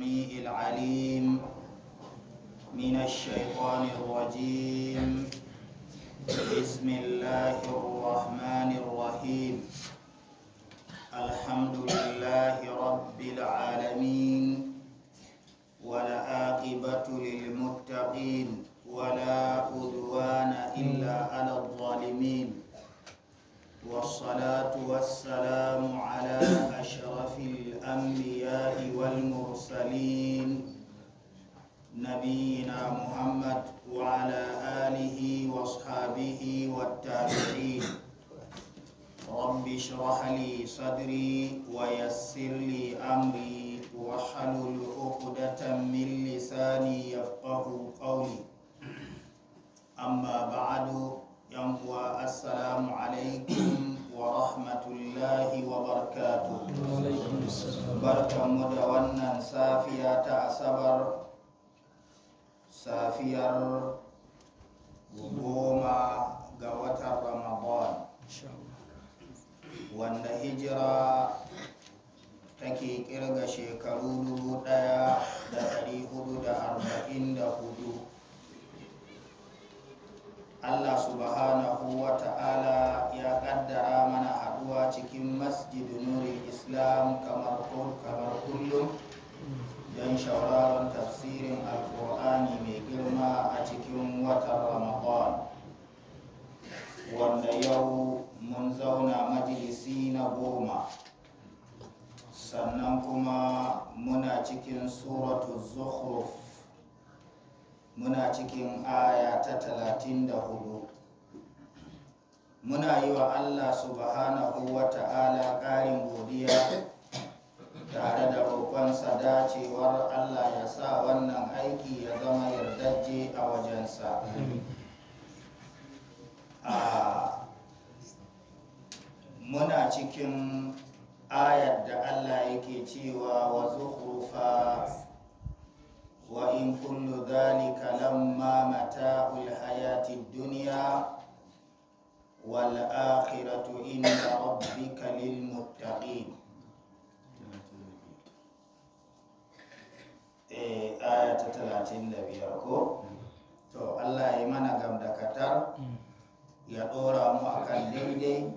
السميع العليم من الشيطان الرجيم بسم الله الرحمن الرحيم الحمد لله رب العالمين والعاقبة للمتقين ولا عدوان إلا على الظالمين والصلاة والسلام على أشرف الأنبياء والمرسلين نبينا محمد وعلى آله وأصحابه والتابعين رب اشرح لي صدري ويسر لي أمري واحلل عقدة من لساني يفقه قولي أما بعد yankuwa assalamu alaikum wa rahmatullahi wa barkatu barkanmu da wannan safiya ta asabar safiyar goma ga watan ramadan wanda hijira take kirga shekaru dubu ɗaya da da arba'in da hudu. Allah subhanahu wa ta'ala ya kaddara mana haduwa cikin masjid nuri islam kamar kullum don shawararun tafsirin alkur'ani mai girma a cikin watan ramadan wanda yau mun zauna majalisi na goma sannan kuma muna cikin suratu zuhruf. muna cikin aya ta talatin da hudu muna yi wa allah subhanahu wa ta'ala ƙarin godiya tare da roƙonsa dacewar allah ya sa wannan aiki ya zama yardajje a wajensa muna cikin ayar da allah yake cewa wa وإن كل ذلك لما متاع الحياة الدنيا والآخرة إن ربك للمتقين eh, aya ta talatin da biyar ko to allah ya mana gamdakatar ya ɗora mu akan daidai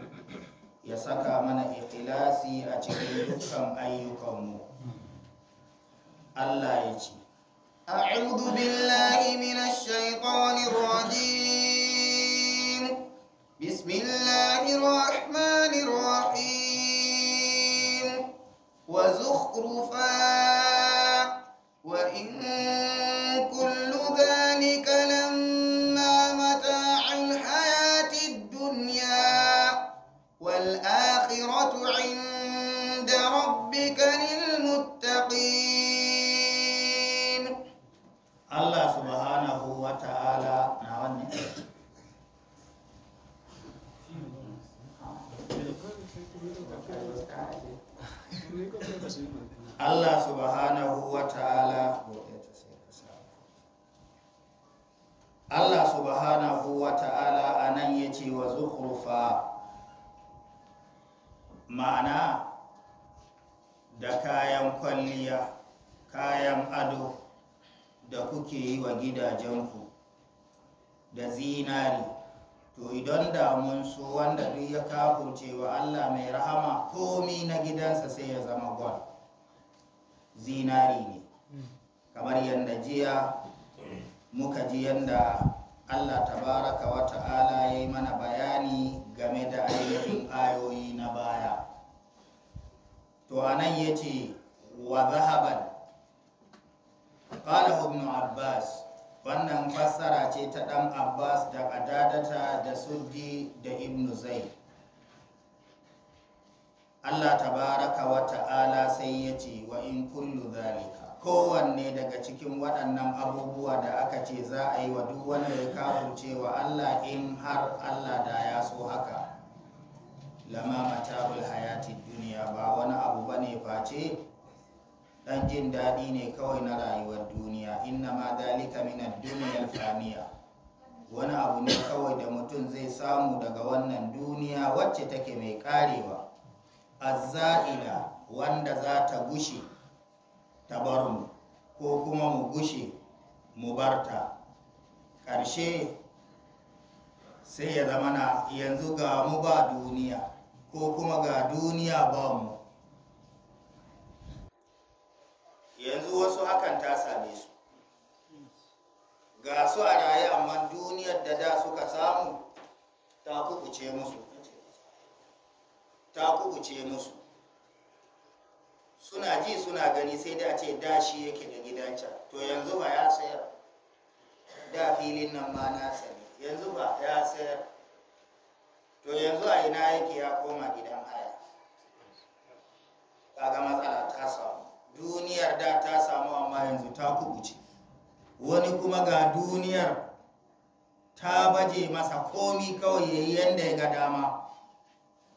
ya saka mana ikhlasi a cikin dukkan ayyukanmu allah ya ce أعوذ بالله من الشيطان الرجيم بسم الله الرحمن الرحيم وزخرفا وإن zukhrufa ma'ana da kayan kwalliya kayan ado da kuke yi wa gidajenku da zinari to idan damun su wanda duk ya kafurce wa Allah mai rahama komi na gidansa sai ya zama gwal zinari ne hmm. kamar yadda jiya muka ji yanda. Allah tabaraka wa ta'ala ya yi mana bayani game da ainihin ayoyi na baya to anan ya ce wa zahaban ƙala ibn abbas wannan fassara ce ta ɗan abbas da ƙadadata da suddi da ibn zai Allah tabaraka wa ta'ala sai ya ce wa in kullu zalika kowanne daga cikin waɗannan abubuwa da aka ce za a yi wa duk wanda ya kafurce wa Allah in har Allah da ya so haka lama matabul duniya ba wani abu ba ne face ɗan jin daɗi ne kawai na rayuwar duniya inna ma dalika minar duniyar faniya wani abu ne kawai da mutum zai samu daga wannan duniya wacce take mai karewa azza'ila wanda za ta gushe tabarun ko kuma mu gushe mu barta ƙarshe sai ya zama na yanzu ga mu ba duniya ko kuma ga duniya ba mu yanzu wasu hakan ta same su ga su a raye amma duniyar da da suka samu ta kubuce musu ta kubuce musu suna ji suna gani sai da ce da shi yake da gidanca to yanzu ba ya sayar da filin nan ma na sani yanzu ba ya sayar to yanzu a ina yake ya koma gidan haya kaga matsala ta samu duniyar da ta samu amma yanzu ta kubuce wani kuma ga duniyar ta baje masa komi kawai yayi yanda ya ga dama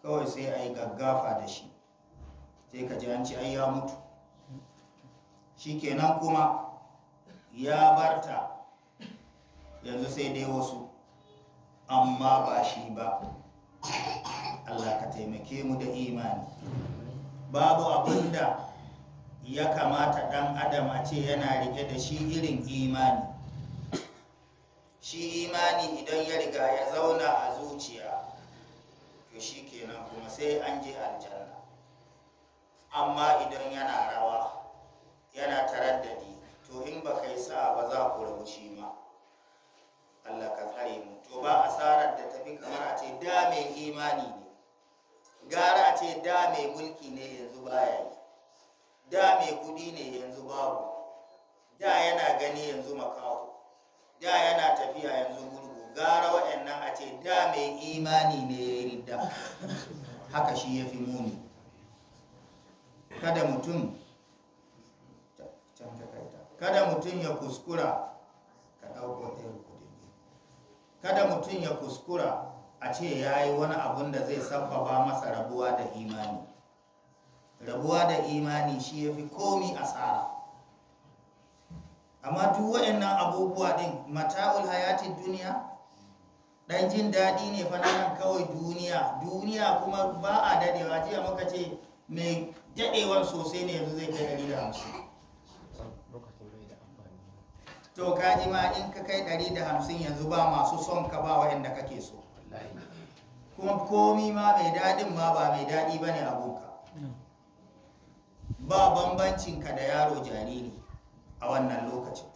kawai sai a gaggafa da shi sai ka ji an ce ai ya mutu shikenan kuma ya barta yanzu sai dai wasu amma ba shi ba Allah ka taimake mu da imani babu abinda ya kamata dan adam a ce yana rike da shi irin imani shi imani idan ya riga ya zauna a zuciya to shi kuma sai an je aljanna amma idan yana rawa yana taraddadi to in ba kai sa ba za ku rauci ma Allah ka tsare mu to ba asarar da tafi kamar a ce da mai imani ne gara a ce da mai mulki ne yanzu baya yi da mai kudi ne yanzu babu da yana gani yanzu makaho da yana tafiya yanzu gurgu gara waɗannan a ce da mai imani ne ya yi haka shi ya fi muni kada mutum kada mutum ya kuskura ka ɗauko ɗaya kudin kada mutum ya kuskura a ce ya yi wani abun da zai sabbaba masa rabuwa da imani rabuwa da imani shi ya fi komi asara amma duk waɗannan abubuwa ɗin mata'ul hayatin duniya ɗan jin daɗi ne fa kawai duniya duniya kuma ba a daɗewa jiya muka ce mai daɗewar sosai ne yanzu zai kai ɗari da hamsin to kaji ma in ka kai ɗari da hamsin yanzu ba masu son ka ba waɗanda kake so kuma komi ma mai daɗin ma ba mai daɗi ba ne aboka ba bambancinka da yaro jariri a wannan lokacin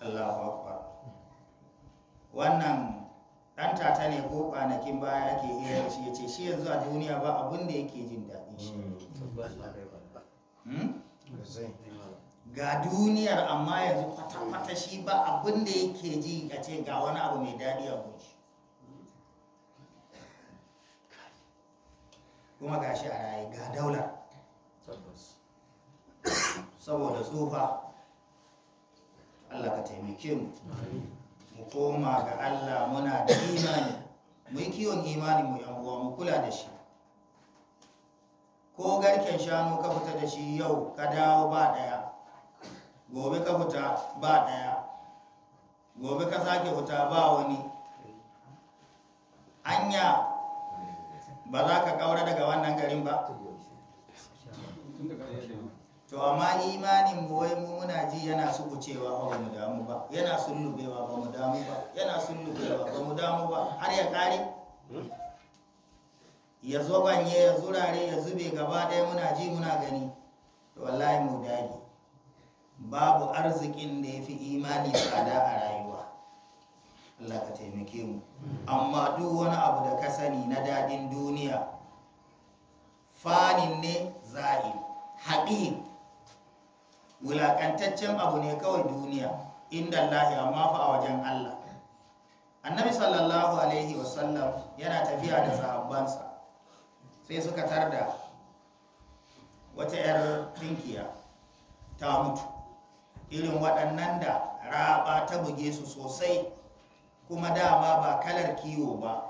Allah wannan dan tata ne ko kwanakin baya yake iya da shi ya ce shi yanzu a duniya ba abun yake jin daɗin shi hmm. Hmm? ga duniyar amma yanzu kwata-kwata shi ba abun yake ji a ce ga wani abu mai daɗi a gunshi kuma ga shi a raye ga daular saboda tsufa Allah ka taimake mu mu koma ga Allah muna da imani mu yi kiwon imani mu uwa mu kula da shi ko garken shanu ka fita da shi yau ka dawo ba daya gobe ka fita ba daya gobe ka sake fita ba wani anya ba za ka kaura daga wannan garin ba to amma imanin mu wai mu muna ji yana kucewa ba mu damu ba yana nubewa ba mu damu ba yana nubewa ba mu damu ba har ya kare ya zo banye ya zurare ya zube gaba ɗaya muna ji muna gani to wallahi mu dage babu arzikin da ya fi imani tsada a rayuwa Allah ka taimake mu amma duk wani abu da ka sani na daɗin duniya fanin ne za'in haɗin Wulaƙantaccen abu ne kawai duniya inda amma fa a wajen Allah annabi sallallahu alaihi wasallam yana tafiya da sahabbansa sai suka da wata 'yar ɗinkiya ta mutu irin waɗannan da raba ta buge su sosai kuma dama ba kalar kiwo ba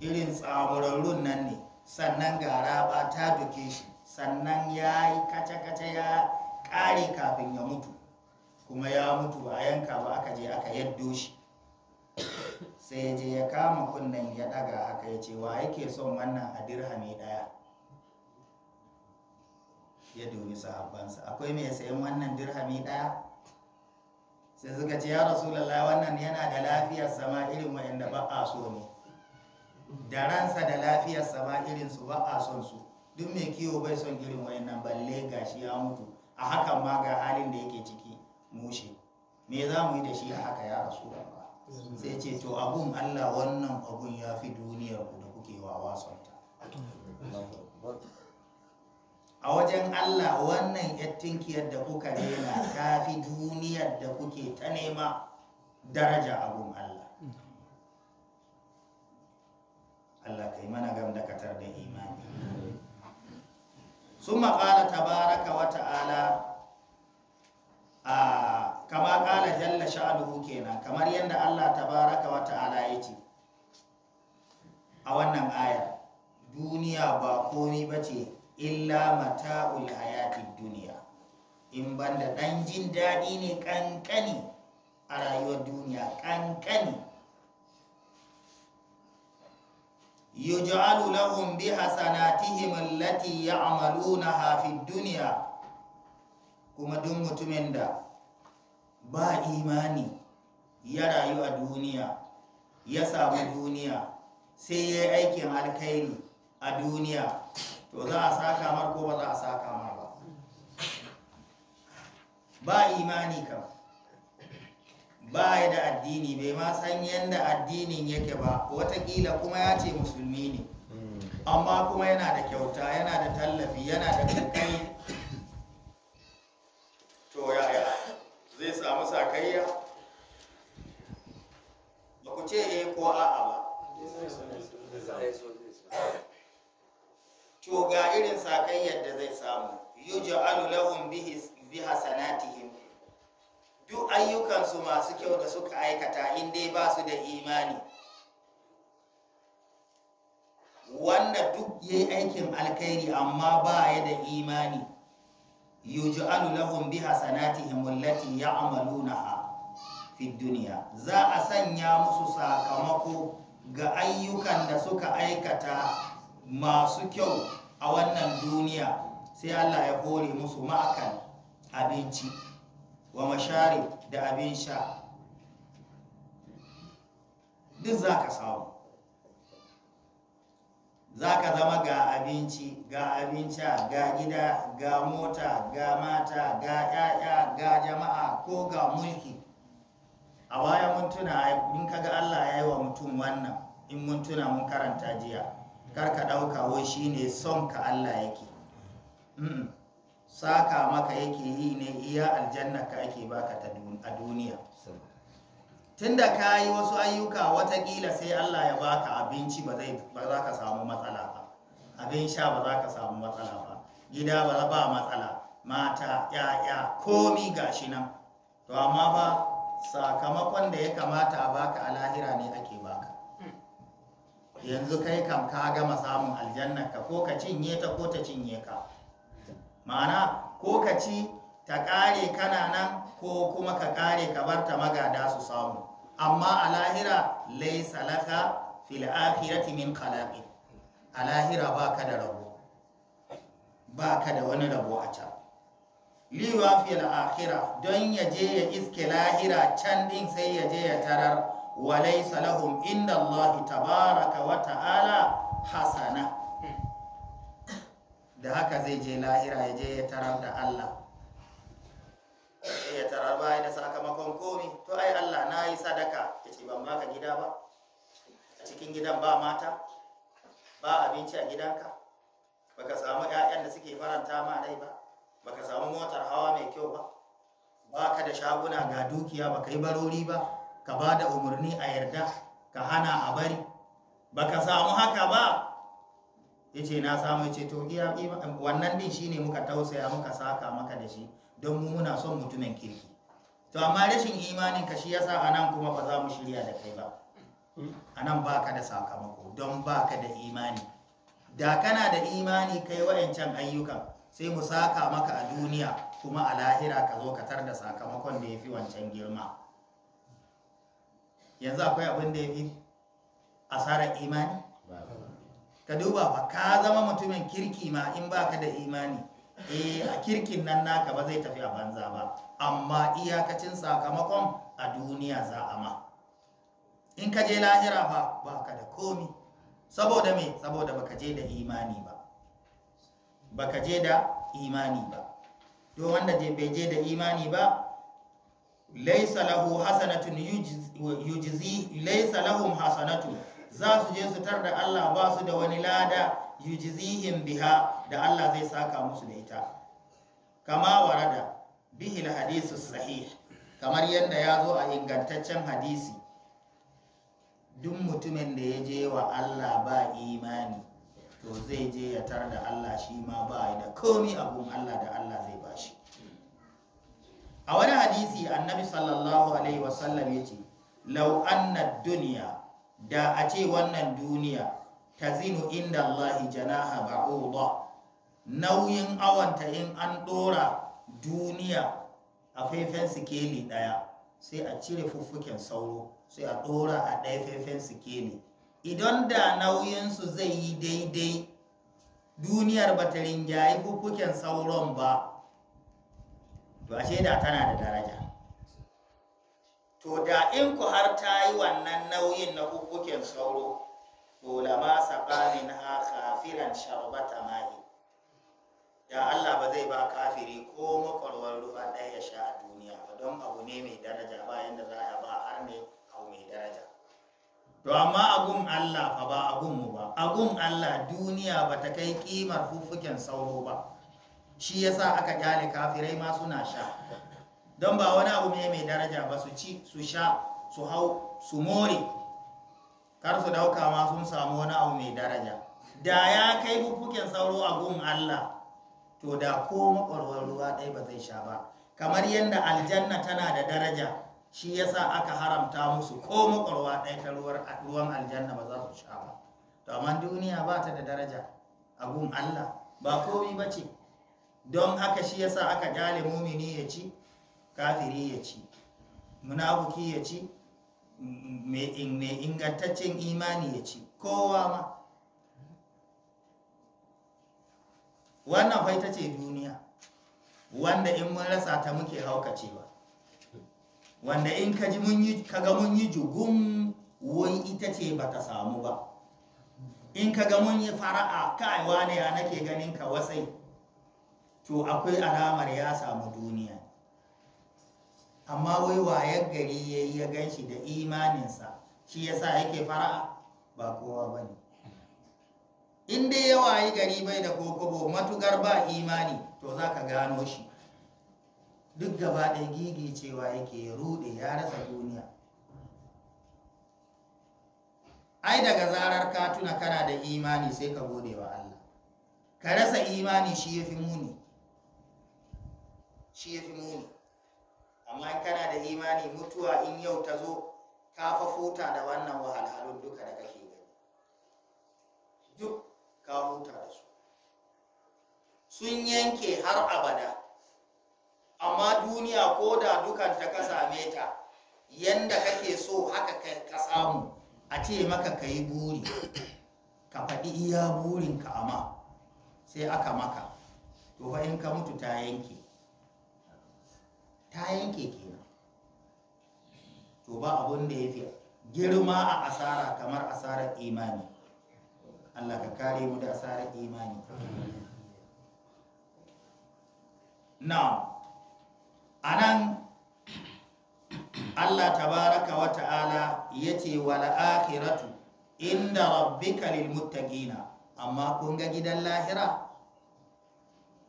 irin tsamurarrun nan ne sannan ga raba ta buge shi sannan ya yi kace-kace Ƙari kafin ya mutu kuma ya mutu a yanka ba aka je aka yaddo shi sai ya je ya kama kunnen ya ɗaga haka ya ce wa yake son wannan a dirhami ɗaya ya dubi sahabbansa akwai mai sayan wannan dirhami ɗaya sai suka ce ya rasulallah wannan yana da lafiyar sama irin wa'anda ba a so ne da ransa da lafiyar sama irin su ba a son su duk mai kiwo bai son irin wa'annan balle gashi ya mutu a hakan ma ga halin da yake ciki mushe me za mu yi da shi a haka ya rasu ba sai ce to abun allah wannan abun ya fi duniyar ku da kuke wa wasanta. a wajen allah wannan yattinkiyar da kuka rena ta fi duniyar da kuke ta nema daraja abun allah allah kai mana gam da katar da imani ثم قال تبارك وتعالى آه كما قال جل شأنه كينا كما يند الله تبارك وتعالى يتي أولا آية دنيا باقومي بتي إلا متاع الحياة الدنيا in banda ɗan jin daɗi ne ƙanƙani a rayuwar duniya ƙanƙani yuj'alu lahum bi hasanatihim allati ya'malunaha fid dunya kuma duk mutumin da ba imani ya rayu a duniya ya sami duniya sai ya yi aikin alkhairi a duniya to za a sa kamar ko ba za a sa kamar ba ba imani kam ba ya da addini bai ma san yadda addinin yake ba watakila kuma ya ce musulmi ne amma kuma yana da kyauta yana da tallafi yana da kankani to yaya zai samu sakayya ba ku ce eh ko a'a ba to ga irin sakayyar da zai samu yuja'alu alulawun bihi hasanatihim duk ayyukansu masu kyau da suka aikata in dai ba su da imani wanda duk ya aikin alkhairi amma ba ya da imani yuj'alu lahum bi hasanatihim allati ya'malunaha fi dunya za a sanya musu sakamako ga ayyukan da suka aikata masu kyau a wannan duniya sai Allah ya hore musu ma'akan abinci wa mashari da abin sha duk za ka samu za ka zama ga abinci ga abinci ga gida ga mota ga mata ga yaya ga jama'a ko ga mulki a baya mun in ka ga Allah ya yi wa mutum wannan in mun tuna mun karanta jiya kar ka ɗauka wai shine son ka Allah yake mm saka maka yake yi ne iya aljanna ka ake baka a duniya tunda ka yi wasu ayyuka watakila sai Allah ya baka abinci ba za ka samu matsala ba abin sha ba za ka samu matsala ba gida ba ba matsala mata ya'ya komi gashi nan to amma ba sakamakon da ya kamata a baka a lahira ne ake baka yanzu kai kam ka gama samun aljanna ka ko ka cinye ta ko ta cinye ka ma'ana ko ka ci ta ƙare kana nan ko kuma ka ƙare ka bar ta magada su samu amma a lahira lai salaka fil min khalaqi a lahira ba ka da rabo ba ka da wani rabo a can liwa fil akhira don ya je ya iske lahira can din sai yaje ya tarar wa laisa lahum inda Allah tabaraka wa ta'ala hasana da haka zai je lahira ya je ya tarar da Allah ya tarar ba da sakamakon komi to ai Allah na yi sadaka ya ce ban baka gida ba a cikin gidan ba mata ba abinci a gidanka baka samu 'ya'yan da suke faranta ma rai ba baka samu motar hawa mai kyau ba baka da shaguna ga dukiya baka yi barori ba ka ba da umarni a yarda ka hana a bari baka samu haka ba Ya ce na samu yace to iya wannan din shine muka tausaya muka saka maka da shi don mu muna son mutumin kirki to amma rashin imanin ka shi yasa anan kuma ba za mu shirya da kai ba hmm? anan baka da sakamako don baka da imani da kana da imani kai wayancan ayyukan sai mu saka maka a duniya kuma a lahira ka zo ka tar da sakamakon da yafi wancan girma yanzu akwai abin da yafi fi asarar imani ka duba ba ka zama mutumin kirki ma in baka da imani eh a kirkin nan naka ba zai tafi a banza ba amma iyakacin sakamakon a duniya za a ma in ka je lahira ba ba ka da komi saboda me saboda baka je da imani ba baka je da imani ba to wanda je bai je da imani ba laysa lahu hasanatun yujzi laysa lahum hasanatun za su je su tar da Allah ba su da wani lada yujizihin biha da Allah zai saka musu da ita kama warada bihi hadisu sahih kamar yadda ya zo a ingantaccen hadisi duk mutumin da ya je wa Allah ba imani to zai je ya tar da Allah shi ma ba da komi abun Allah da Allah zai ba shi. a wani hadisi annabi sallallahu alaihi wasallam ya ce lau anna duniya da a ce wannan duniya ta zinu inda Allahi janaha ba'uda nauyin awanta in an ɗora duniya a faifen sikeli ɗaya sai a cire fuffuken sauro sai a ɗora a ɗaya faifen sikeli idan da nauyinsu zai yi daidai duniyar ba ta rinjayi fuffuken sauron ba to ce da tana da daraja to da in ku har ta yi wannan nauyin na hukukin sauro to lama saɓanin ha kafiran sharbata mai da Allah ba zai ba kafiri ko makwarwar ruwa ɗaya ya sha a duniya ba don abu ne mai daraja bayan da za a ba har ne abu mai daraja to amma agun Allah fa ba agun mu ba agun Allah duniya ba ta kai kimar fuffuken sauro ba shi yasa aka jale kafirai ma suna sha don ba wani abu mai daraja ba su ci su sha su hau su more kar su dauka ma sun samu wani abu mai daraja da ya kai bukukin sauro a gun Allah to da ko makwarwar ruwa ɗai ba zai sha ba kamar yadda aljanna tana da daraja shi yasa aka haramta musu ko makwarwa ɗai ta ruwan aljanna ba za su sha ba to amma duniya ba ta da daraja a gun Allah ba komi ba ce don haka shi yasa aka jale mumini ya ci kafiri ya ci munafuki ya ci mai ingantaccen imani ya ci kowa ma wannan faita ce duniya wanda in mun rasa ta muke haukacewa wanda in ka ji mun yi kaga mun yi jugun wai ita ce ba ta samu ba in kaga mun yi fara'a kai wane ya nake ganin ka wasai to akwai alamar ya samu duniya amma wai wayar gari ya yi ya gan shi da imaninsa shi ya sa yake fara'a ba kowa ba ne in dai ya wayi gari bai da kokobo matukar ba imani to za ka gano shi duk gaba ɗaya gigi cewa yake rude ya rasa duniya ai daga zarar ka tuna kana da imani sai ka gode wa Allah ka rasa imani shi ya fi muni shi ya fi muni amma in kana da imani mutuwa in yau ta zo ka fa da wannan wahalhalun duka da kake gani duk ka huta da su sun yanke har abada amma duniya ko da ta ka same ta yanda kake so haka ka samu a ce maka ka yi buri ka faɗi iya burinka amma sai aka maka to fa in ka mutu ta yanke ta yanke kenan to ba abun da ya fi girma a asara kamar asarar imani Allah ka kare mu da asarar imani now anan Allah tabaraka wa ta'ala ya ce akhiratu inda rabbika lil muttaqina amma kun ga gidan lahira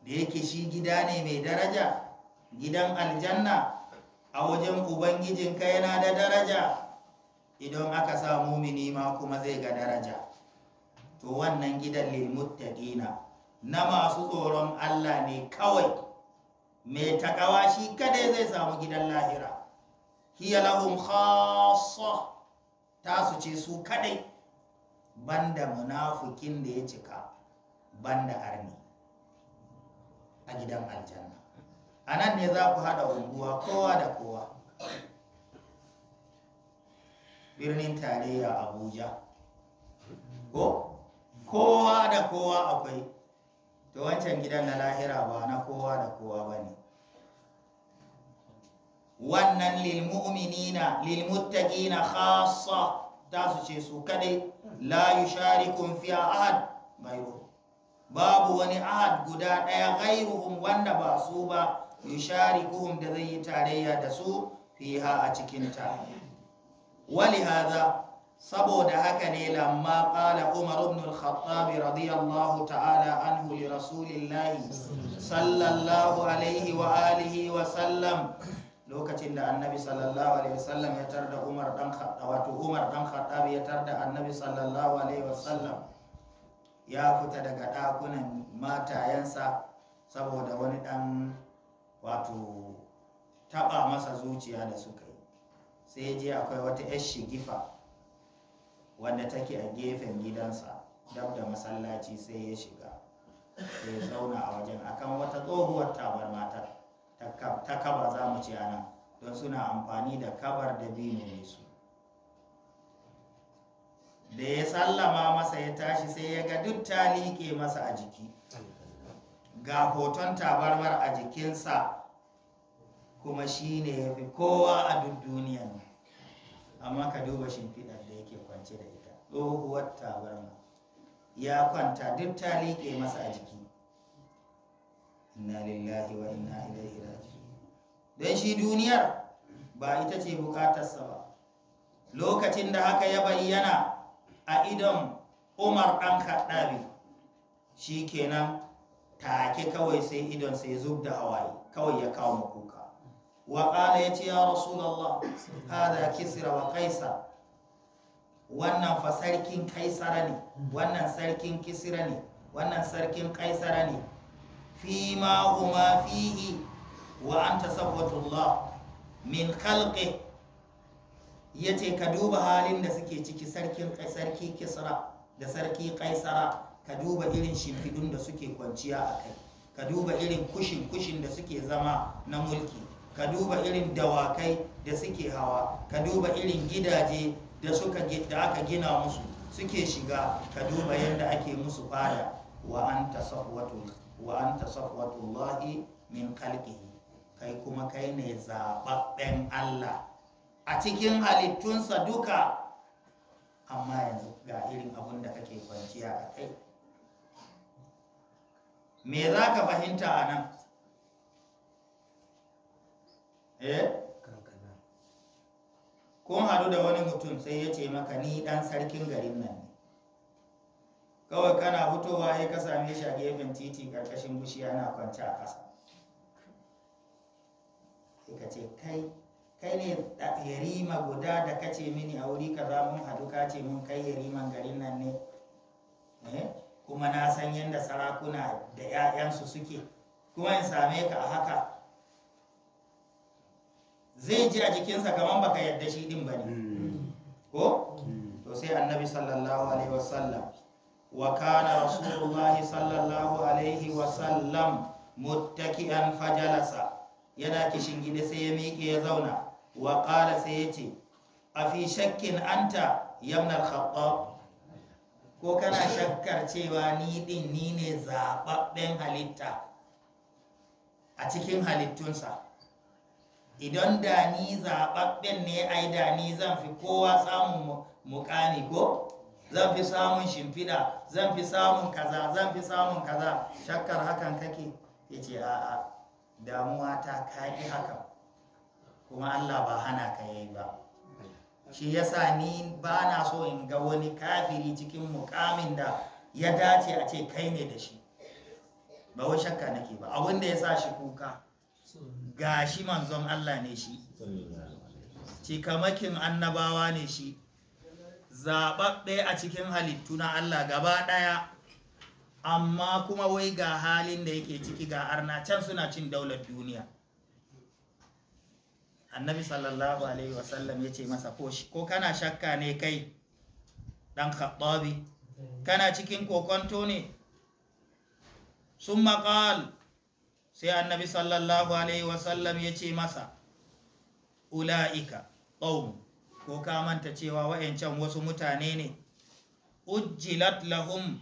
da yake shi gida ne mai daraja gidan aljanna a wajen ubangijinka yana da daraja idan aka sa mumini ma kuma zai ga daraja to wannan gidan dina na masu tsoron Allah ne kawai mai takawa shi kada zai samu gidan lahira hiya lahum khassa su ce su kadai banda munafikin da ya cika banda arni a gidan aljanna a nan ne za ku haɗa unguwa kowa da kowa birnin tarayya abuja ko kowa da kowa akwai to wancan gidan na lahira ba na kowa da kowa ba ne wannan lilmu'minina lilmuttaqina khassa ta su ce su kaɗai la yusharikum fi ahad babu wani ahad guda ɗaya ghayruhum wanda ba su ba yusharikuhum da zai yi tarayya da su fiha a cikinta wali haza saboda haka ne lamma qala umar ibn al-khattab radiyallahu ta'ala anhu li rasulillahi sallallahu alaihi wa alihi wa sallam lokacin da annabi sallallahu alaihi wasallam ya tarda umar dan wato umar dan khattab ya tarda annabi sallallahu alaihi wasallam ya fita daga dakunan matayensa saboda wani dan wato taɓa masa zuciya da suka yi sai je akwai wata 'yar shigifa wadda take a gefen gidansa dab da masallaci sai ya shiga sai ya zauna a wajen akan wata tsohuwar tabar matar ta kaba za mu ce anan don suna amfani da kabar da biyu su da ya sallama masa ya tashi sai ya ga duk ta liƙe masa a jiki ga hoton tabarmar a jikinsa kuma shi ne ya fi kowa a duk duniya amma ka duba shimfiɗar da yake kwance da ita tsohuwar tabarma ya kwanta duk ta liƙe masa a jiki inna lillahi wa inna ilaihi raji'un don shi duniyar ba ita ce bukatarsa ba lokacin da haka ya bayyana a idon umar ɗan kaɗa shi kenan take kawai sai idon sai zub da hawaye kawai ya kawo kuka wa ya yace ya rasulullah hada kisra wa kaisa. wannan fa sarkin kaisara ne wannan sarkin kisra ne wannan sarkin kaisara ne fi ma huma fihi wa anta Allah min khalqi yace ka duba halin da suke ciki sarkin sarki kisra da sarki kaisara ka duba irin shimfidun da suke kwanciya a kai ka duba irin kushin kushin da suke zama na mulki ka duba irin dawakai da suke hawa ka duba irin gidaje da suka da aka gina musu suke shiga ka duba yadda ake musu fada wa anta safwatul wa anta min khalqihi kai kuma kai ne zababben Allah a cikin halittunsa duka amma yanzu ga irin abun da kake kwanciya a kai me za ka fahimta a nan eh kun haɗu da wani mutum sai ya ce maka ni dan sarkin garin nan kawai kana hutowa ya ka same shi a gefen titi ƙarƙashin bishiya na kwanci a ƙasa sai ka ce kai kai ne yarima guda da kace mini a wuri kaza mun haɗu kace mun kai yariman garin nan ne eh? kuma na san yadda sarakuna da 'ya'yansu suke kuma in same ka a haka zai ji a jikinsa kamar baka yadda shi din ne ko to sai annabi sallallahu alaihi wasallam wa kana rasulullahi sallallahu alaihi wasallam muttaki'an fajalasa yana kishin gida sai ya miƙe ya zauna wa qala sai yace a fi shakkin anta yamnal khattab ko kana shakkar cewa ni din ni ne zaɓaɓɓen halitta a cikin halittunsa idan da ni zaɓaɓɓen ne ai da ni zan fi kowa samun mukami ko zan fi samun shimfiɗa zan fi samun kaza zan fi samun kaza shakkar hakan kake ya ce a'a damuwa ta kaɗi hakan kuma allah ba hana ka yi ba shi yasa ni ba na so in ga wani kafiri cikin mukamin da ya dace a ce kai ne da shi ba wai shakka nake ba abin da ya sa shi kuka ga shi manzon Allah ne shi cikamakin annabawa ne shi zaɓaɓɓe a cikin halittu na Allah gaba ɗaya amma kuma wai ga halin da yake ciki ga arna can suna cin daular duniya annabi sallallahu alaihi wasallam ya ce masa ko kana shakka ne kai dan khattabi kana cikin kokonto ne sun maƙal sai annabi sallallahu alaihi wasallam ya ce masa ula'ika ƙaunu ko ka manta cewa wa'yancan wasu mutane ne ujjilat lahum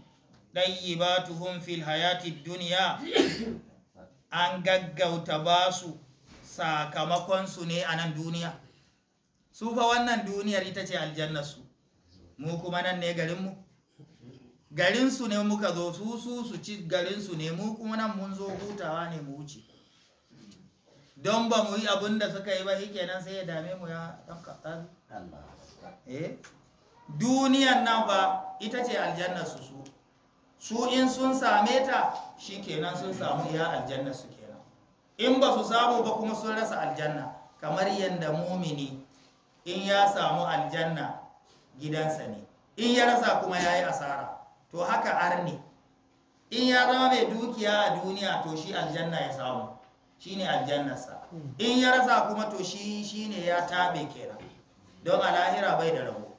ɗayyibatuhum fil hayati duniya an gaggauta basu sakamakonsu ne a nan duniya su fa wannan duniyar ita ce aljannarsu mu kuma nan ne garinmu garinsu ne muka zo su su su ci garinsu ne mu kuma nan mun zo hutawa ne mu wuce don ba mu yi abin da suka yi ba shi kenan sai ya dame mu ya ɗan kaɗan eh duniyan nan ba ita ce aljannarsu su su in sun same ta shi kenan sun samu ya aljannarsu kenan in ba su samu ba kuma sun rasa aljanna kamar yadda mumini in ya samu aljanna gidansa ne in ya rasa kuma ya yi asara to haka arni in ya zama mai dukiya a duniya to shi aljanna ya samu shi ne aljannarsa in ya rasa kuma to shi shi ne ya taɓe kenan don a lahira bai da rabo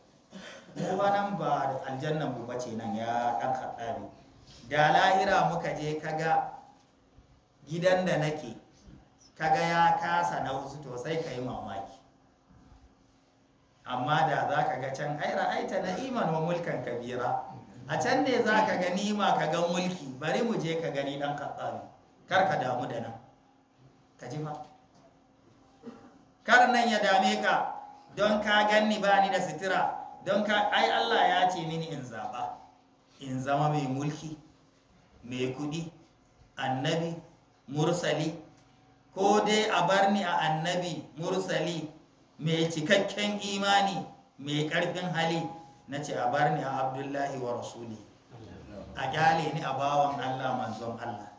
kuma nan ba aljannan mu bace nan ya ɗan haɗari da lahira muka je kaga gidan da nake kaga ya kasa na wasu to sai ka yi mamaki amma da za ka ga can ai ra'aita na iman wa mulkan kabira a can ne za ka ga nima ka ga mulki bari mu je ka gani dan katsami kar ka damu da nan ka ji ma kar nan ya dame ka don ka ganni ba ni da sitira don ka ai Allah ya ce mini in zaba in zama mai mulki mai kudi annabi mursali ko dai a bar ni a annabi mursali mai cikakken imani mai ƙarfin hali na ce a bar ni a abdullahi wa rasuli a gyale ni a bawan allah manzon allah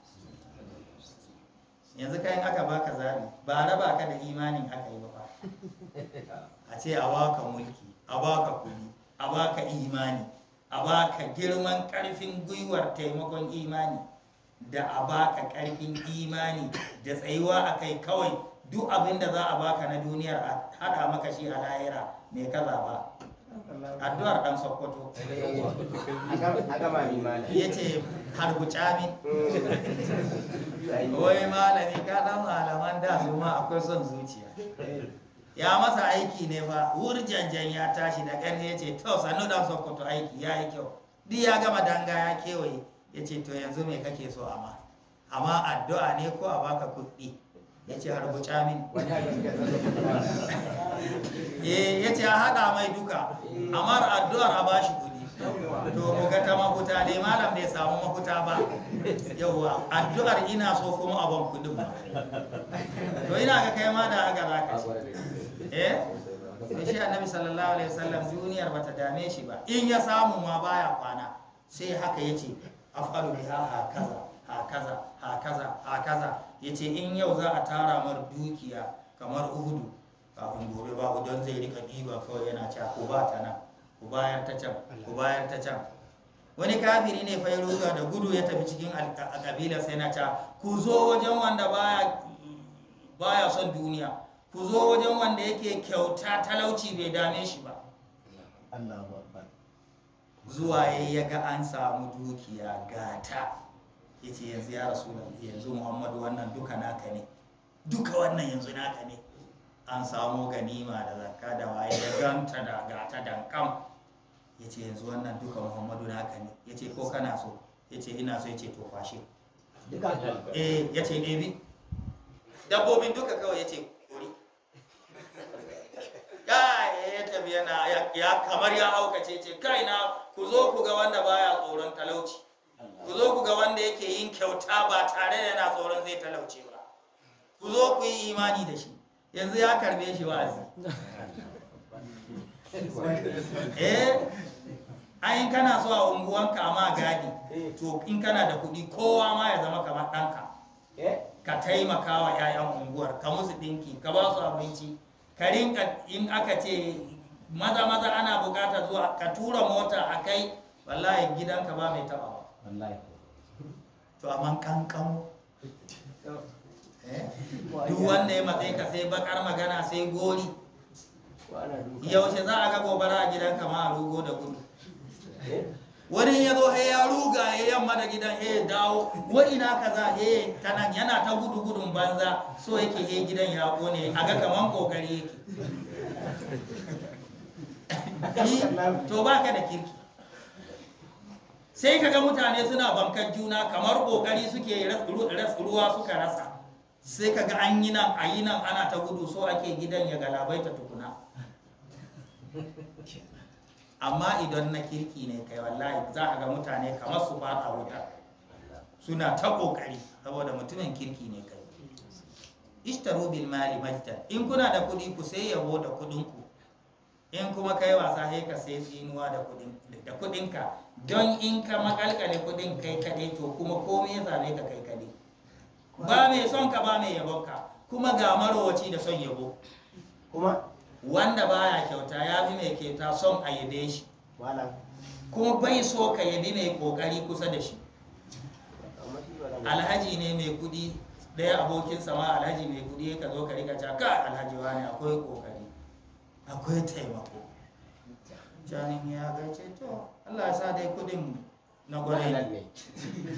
yanzu kayan aka baka zaɓi ba raba ka da imanin aka yi ba a ce a baka mulki a baka kuli a baka imani a baka girman ƙarfin gwiwar taimakon imani da a baka karfin imani da tsayuwa a kai kawai duk abin da za a baka na duniyar a hada maka shi a lahira mai kaza ba addu'ar dan sokoto ya ce guca min wai malami ka dan malaman da su ma akwai son zuciya ya masa aiki ne fa janjan ya tashi da ƙarfi ya ce to sannu dan sokoto aiki ya yi kyau duk ya gama danga ya kewaye ya ce to yanzu mai kake so amma amma addu'a ne ko a baka kuɗi ya ce harbuca min eh, ya ce a haɗa mai duka amma addu'ar a bashi kuɗi to mu ga ta mafuta ne malam bai samu mafuta ba yauwa addu'ar ina so kuma a ban kuɗin ba to ina ga kai ma da haka za ka eh sai shi annabi sallallahu alaihi wasallam duniyar bata dame shi ba in ya samu ma baya kwana sai haka yace afalu biha hakaza hakaza hakaza hakaza yace in yau za a tara mar dukiya kamar uhudu kafin gobe ba don zai rika diba kawai yana ca ko ba ta nan ku bayar ta can ku bayar ta can wani kafiri ne fa ya da gudu ya tafi cikin kabila sai na ca ku zo wajen wanda baya baya son duniya ku zo wajen wanda yake kyauta talauci bai dame shi ba Allah zuwa ya ga an samu dukiya gata ya ce yanzu ya rasu yanzu muhammadu wannan duka naka ne duka wannan yanzu naka ne an samu ganima da zakka da waye ya ganta da gata dankam ya ce yanzu wannan duka muhammadu naka ne ya ce ko kana so ya ce ina so ya ce to kwashe eh, ya ce ɗebi dabbobin duka kawai ya ce kori tafi yana ya kamar ya haukace ce kai na ku zo ku ga wanda baya tsoron talauci ku zo ku ga wanda yake yin kyauta ba tare da yana tsoron zai talauce ba ku zo ku yi imani da shi yanzu ya karbe shi wa'azi eh in kana so a unguwanka amma gadi to in kana da kuɗi kowa ma ya zama kamar ɗanka eh? ka taimaka wa 'ya'yan unguwar ka musu ɗinki ka ba su abinci ka rinka in aka ce maza maza ana bukata zuwa ka tura mota a kai wallahi gidanka ba mai taba wallahi to amma kankan eh? duk wanda ya matsayi ka sai bakar magana sai gori yaushe za a ga gobara a gidanka ma a rugo da gudu eh? wani ya zo he ya ruga ya yamma da gidan he ya dawo wa'ina kaza he ta nan yana ta gudu gudun banza so yake he gidan ya kone a ga kaman kokari yake to ba ka da kirki sai kaga mutane suna bankan juna kamar kokari suke ruwa suka rasa sai kaga an yi nan a yi nan ana ta gudu so ake gidan ya galabaita tukuna amma idan na kirki ne kai wallahi za a ga mutane kamar su ba a wuta suna ta kokari saboda mutumin kirki ne kai ishtaru bil mali majdan in kuna da kuɗi ku sai yabo da kuɗin ku in kuma kai wasa sai ka sai tsinuwa da kudin da kudinka don in ka makalkale kudin kai kaɗai to kuma komai ya same ka kai kadai ba mai son ka ba mai yabon ka kuma ga marowaci da son yabo kuma wanda baya kyauta ya fi mai kyauta son a yabe shi kuma bai so ka yabi mai kokari kusa da shi alhaji ne mai kudi daya abokin sama alhaji mai kudi ka zo ka rika ca ka alhaji wani akwai kokari akwai taimako janin ya gaice to allah sa dai kudin na gwarai ne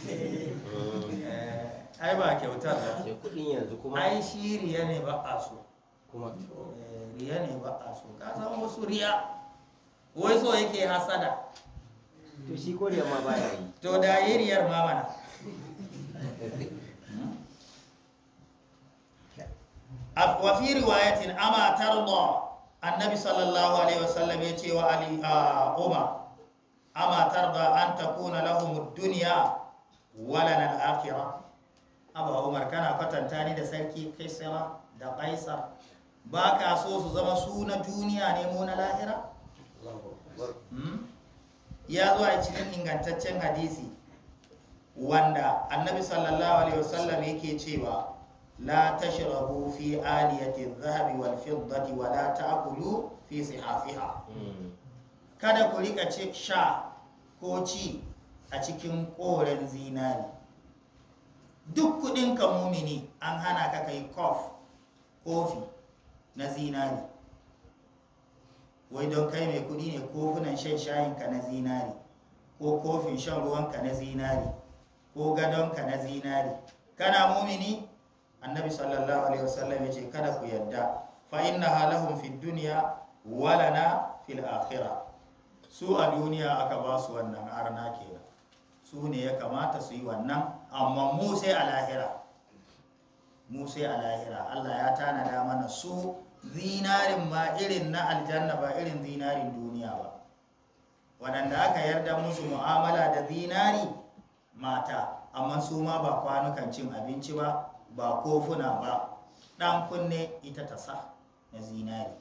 eh, ai ba kyautar ba kudin yanzu kuma ai shi riya ne ba a so kuma eh, riya ne ba a so ka san musu riya wai so yake hasada to shi ko riya ma ba yi to da yi riyar ma mana wa fi riwayatin ama tarda annabi sallallahu alaihi wasallam ya ce wa ali a umar ama tarda an takuna lahum duniya wala na akira abu umar kana kwatanta ni da sarki kaisara da kaisar ba ka so su zama su na duniya ne mu na lahira hmm? ya zo a cikin ingantaccen hadisi wanda annabi sallallahu alaihi wasallam yake cewa la tashrabu fi aliyati dhahabi wal fiddati wa la ta'kulu kada ku rika ce sha ko ci a cikin koren zinari duk kudin ka mumini an hana ka kai kof kofi na zinari wai don kai mai kudi ne kofunan shan shayinka na zinari ko kofin shan ruwanka na zinari ko gadonka na zinari kana mumini annabi sallallahu alaihi wasallam ya ce kada ku yadda fa inna halahum fi dunya walana fil akhirah su a duniya aka ba su wannan arna kenan su ne ya kamata su yi wannan amma mu sai a lahira mu sai a lahira Allah ya tanada mana su zinarin ma irin na aljanna ba irin zinarin duniya ba waɗanda aka yarda musu mu'amala da zinari mata amma su ma ba kwanukan cin abinci ba ba kofuna ba ɗan kunne ita ta sa na zinari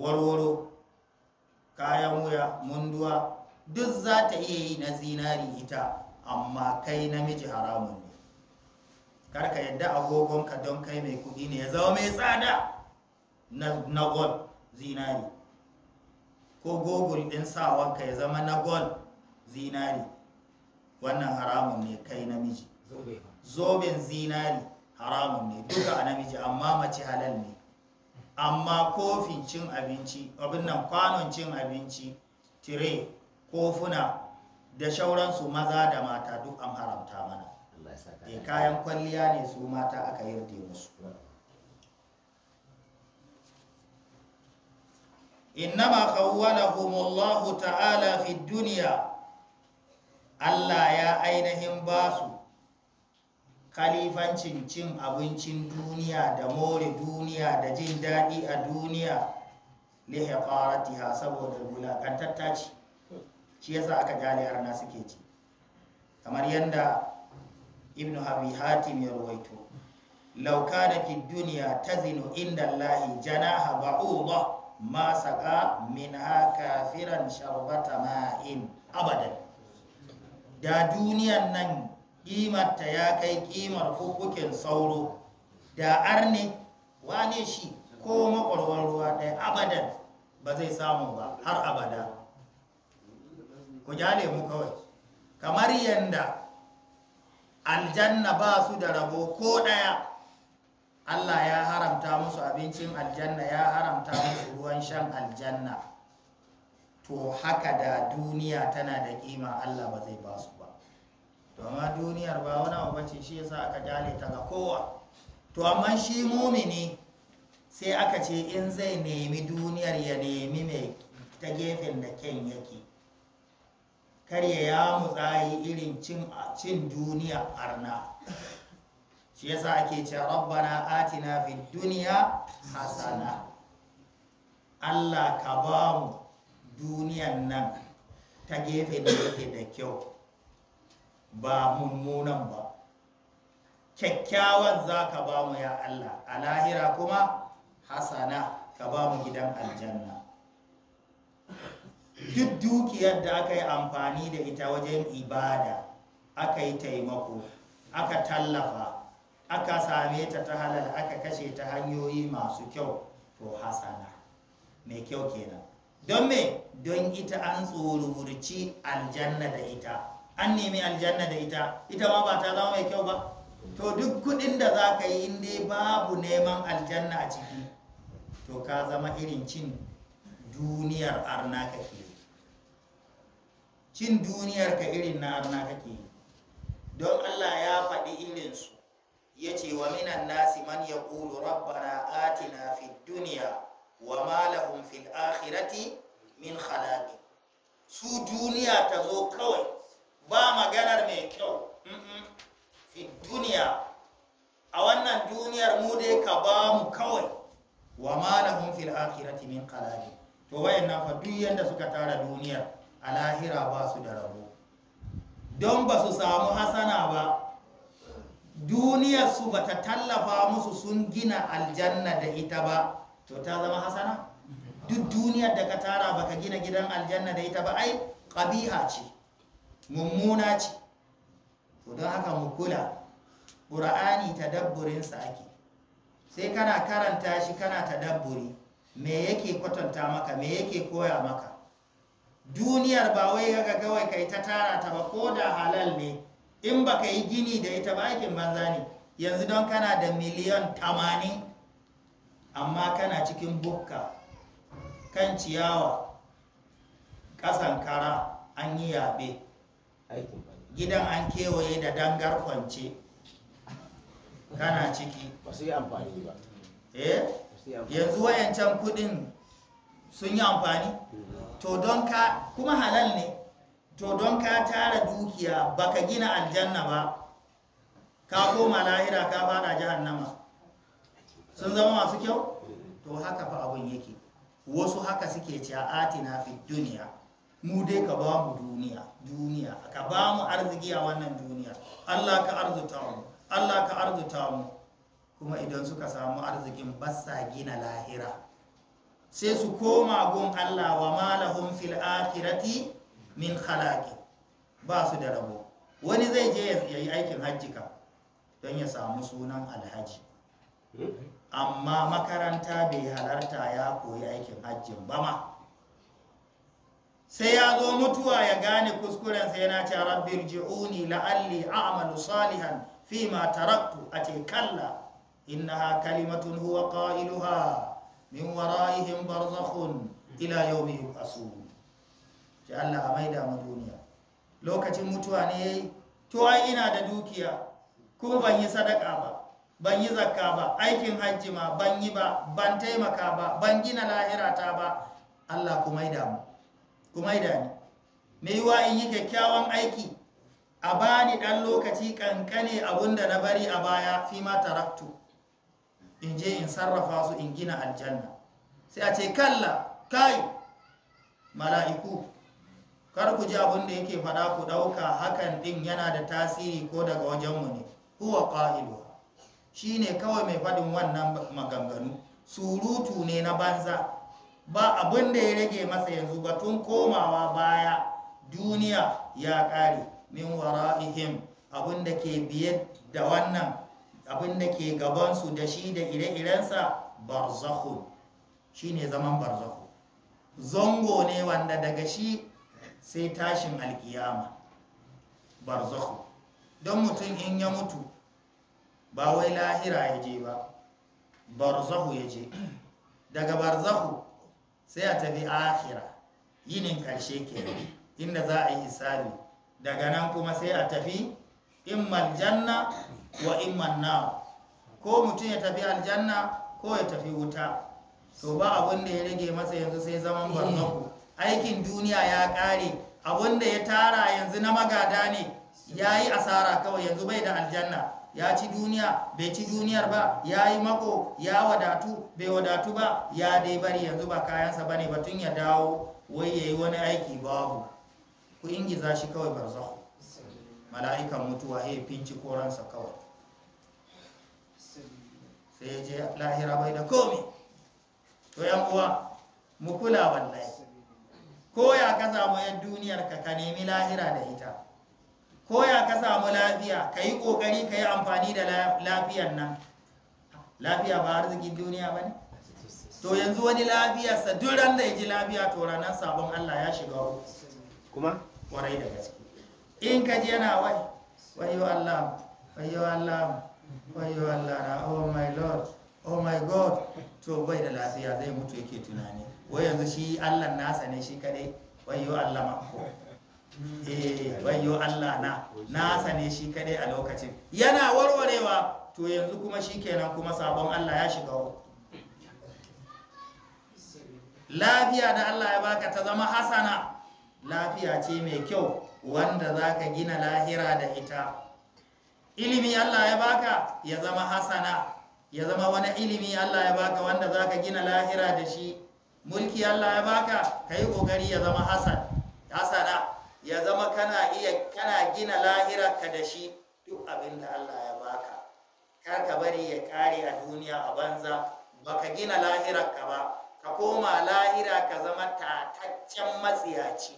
warwaro kayan wuya munduwa duk za ta iya yi na zinari ita amma kai namiji haramun ne karka yadda agogonka don kai mai kudi ne ya zama mai tsada na gol zinari ko gogul ɗin sawanka ya zama na gol zinari wannan haramun ne kai namiji zoben zinari haramun ne duka a namiji amma mace halal ne amma kofin cin abinci abin nan kwanon cin abinci tire kofuna da shauransu maza da mata duk an haramta mana e kayan kwalliya ne su mata aka yarda musu innama khawwalahumullahu ta'ala fi duniya Allah ya ainihin basu Kalifancin cin abincin duniya da more duniya da jin daɗi a duniya lihiqaratiha saboda wulakantar ta shi yasa aka yara arna suke ci kamar yadda ibn habi hatim ya ruwaito da ke kidduniya ta zino inda allahi janaha ba'udha ma min minha kafiran sharbata ma'in abadan da duniyan nan kimarta ya kai kimar hukukin sauro da arne wane shi ko makwarwar ruwa ɗaya abadan ba zai samu ba har abada ku jale mu kawai kamar yadda aljanna ba su da rabo ko ɗaya Allah ya haramta musu abincin aljanna ya haramta musu ruwan shan aljanna to haka da duniya tana da kima Allah ba zai ba su to amma duniyar ba wani abu bace shi yasa aka jale ta ga kowa to amma shi mumini sai aka ce in zai nemi duniyar ya nemi mai ta gefen da ken yake kar ya mutsa tsayi irin cin duniya arna shi yasa ake ce rabbana atina fi duniya hasana Allah ka ba mu duniyan nan ta gefe da yake da kyau ba mummunan ba kyakkyawan za ka ba mu ya Allah a lahira kuma hasana ka ba mu gidan aljanna duk dukiyar da aka yi amfani da ita wajen ibada aka yi taimako aka tallafa aka same ta ta halal aka kashe ta hanyoyi masu kyau to hasana mai kyau kenan don me don ita an tsorurci aljanna da ita an nemi aljanna da ita ita ma ba ta zama mai kyau ba to duk kudin da za ka yi inda babu neman aljanna a ciki to ka zama irin cin duniyar arna kake cin duniyar ka irin na arna kake don allah ya faɗi irinsu ya ce wa minan nasi man ya ƙulu rabbana atina fi duniya wa malahun fil akhirati min khalaqi su duniya ta zo kawai ba maganar mai kyau fi duniya a wannan duniyar mu dai ka ba mu kawai wa ma lahum fil akhirati min qalali to wayannan fa duk yanda suka tara duniyar a lahira ba su da rabo don ba su samu hasana ba duniyar su ba ta tallafa musu sun gina aljanna da ita ba to ta zama hasana duk duniyar da ka tara baka gina gidan aljanna da ita ba ai qabiha ce mummuna ce to don haka mu kula ƙura'ani tadabburinsa ake sai kana karanta shi kana tadabburi me yake kwatanta maka me yake koya maka duniyar ba wai ga kawai kai ta tara ta ba ko da halal ne in ba ka yi gini da ita ba aikin banza ne yanzu don kana da miliyan tamanin amma kana cikin bukka kan ciyawa ƙasan kara an yi yabe gidan an kewaye da dangar kwance kana ciki ba su yi amfani ba eh? yanzu wayancan kudin sun yi amfani to don ka kuma halal ne to don ka tara dukiya baka gina aljanna ba ka koma lahira ka fada jahannama sun zama masu kyau to haka fa abin yake wasu haka suke ci a atina fi duniya mu dai ka ba mu duniya duniya ka ba mu arziki a wannan duniya Allah ka arzuta mu Allah ka arzuta mu kuma idan suka samu arzikin basa gina lahira sai su koma gun Allah wa malahum fil akhirati min khalaqi ba su da rabo wani zai je ya yi aikin hajji ka don ya samu sunan alhaji hmm? amma makaranta bai halarta ya koyi aikin hajji ba ma sai ya zo mutuwa ya gane kuskuren sai yana ce rabbir ji'uni la'alli a'malu salihan fi ma taraktu a ce kalla innaha kalimatun huwa qailuha min wara'ihim barzakhun ila yawmi yub'asun ce Allah a maida mu duniya lokacin mutuwa ne yayi to ai ina da dukiya ko ban yi sadaka ba ban yi zakka ba aikin hajji ma ban yi ba ban taimaka ba ban gina lahirata ba Allah ku maida damu kuma idani me yiwa in yi kyakkyawan aiki a bani dan lokaci kankane abunda na bari a baya fi ma taraktu in je in sarrafa su in gina aljanna sai a ce kalla kai mala'iku kar ku ji abin da yake faɗa ku ɗauka hakan ɗin yana da tasiri ko daga wajenmu ne huwa ƙa'ilu shi ne kawai mai faɗin wannan maganganu surutu ne na banza ba abin da ya rage masa yanzu tun komawa baya duniya ya ƙare min wara'ihim abin da ke biye da wannan abin da ke gabansu da shi da ire-irensa barzahu shi ne zaman barzahu zango ne wanda daga shi sai tashin alkiyama barzahu don mutum in ya mutu ba wai lahira ya je ba barzahu ya je daga barzahu sai a tafi akira yinin karshe ke inda za a yi hisabi daga nan kuma sai a tafi immal janna wa immal nar ko mutum ya tafi aljanna ko ya tafi wuta to ba abin da ya rage masa yanzu sai zaman barzaku aikin duniya ya kare abin da ya tara yanzu na magada ne ya yi asara kawai yanzu bai da aljanna ya ci duniya bai ci duniyar ba ya yi mako ya wadatu bai wadatu ba ya dai bari yanzu ba kayansa ne batun ya dawo wai ya yi wani aiki babu ku ingiza shi kawai barzahu mala'ikan mutuwa ya finci koransa kawai sai ya je lahira bai da komi to yan uwa mu kula wallahi ko ya ka samu yan duniyar ka ka nemi lahira da ita Koya ka samu lafiya ka yi ƙoƙari ka yi amfani da lafiyan nan lafiya ba arzikin duniya ba ne to yanzu wani lafiyarsa duk ran da ya ji lafiya to ranar sabon allah ya shiga wa. kuma warai da gaske in ka ji yana wai wayo allah wayo allah wayo allah na oh my lord oh my god to bai da lafiya zai mutu yake tunani wai yanzu shi allah nasa ne shi kadai wayo allah mako eh bayyo Allah na na sane shi kadai a lokacin yana warwarewa to yanzu kuma shi kenan kuma sabon Allah ya shiga lafiya da Allah ya baka ta zama hasana lafiya ce mai kyau wanda zaka gina lahira da ita ilimi Allah ya baka ya zama hasana ya zama wani ilimi Allah ya baka wanda zaka gina lahira da shi mulki Allah ya baka kai kokari ya zama hasana ya zama kana iya kana gina lahirarka da shi duk abin da Allah ya baka kar ka bari ya kare a duniya a banza baka gina lahirarka ba ka koma lahira ka zama tataccen matsiyaci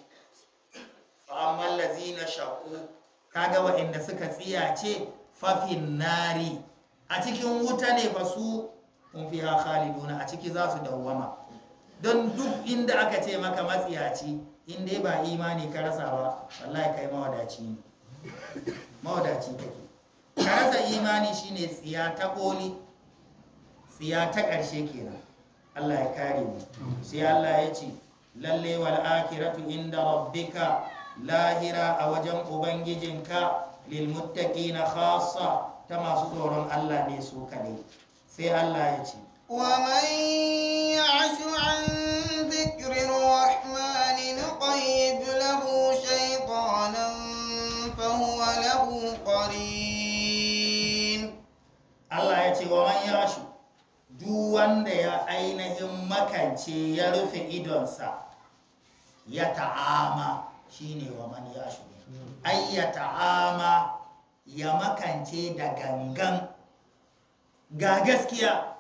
fa amman lazina shaqu kaga waɗanda suka tsiyace fafin nari a cikin wuta ne fa su kun fiha khaliduna a ciki za su dawwama don duk inda aka ce maka matsiyaci in dai ba imani ka rasa ba wallahi kai mawadaci ne mawadaci kake ka rasa imani shine tsiya ta koli tsiya ta ƙarshe kenan Allah ya kare mu sai Allah ya ce lalle wal akhiratu inda rabbika lahira a wajen ubangijinka lil muttaqina khassa ta masu tsoron Allah ne su kadai sai Allah ya ce wa man ya'shu an dhikri rahman نقيد له شيطانا فهو له قرين الله يتي ومن يعش duk wanda ya ainihin makance ya rufe idonsa ya ta'ama shine wa man ya shi ai ya ta'ama ya makance da gangan ga gaskiya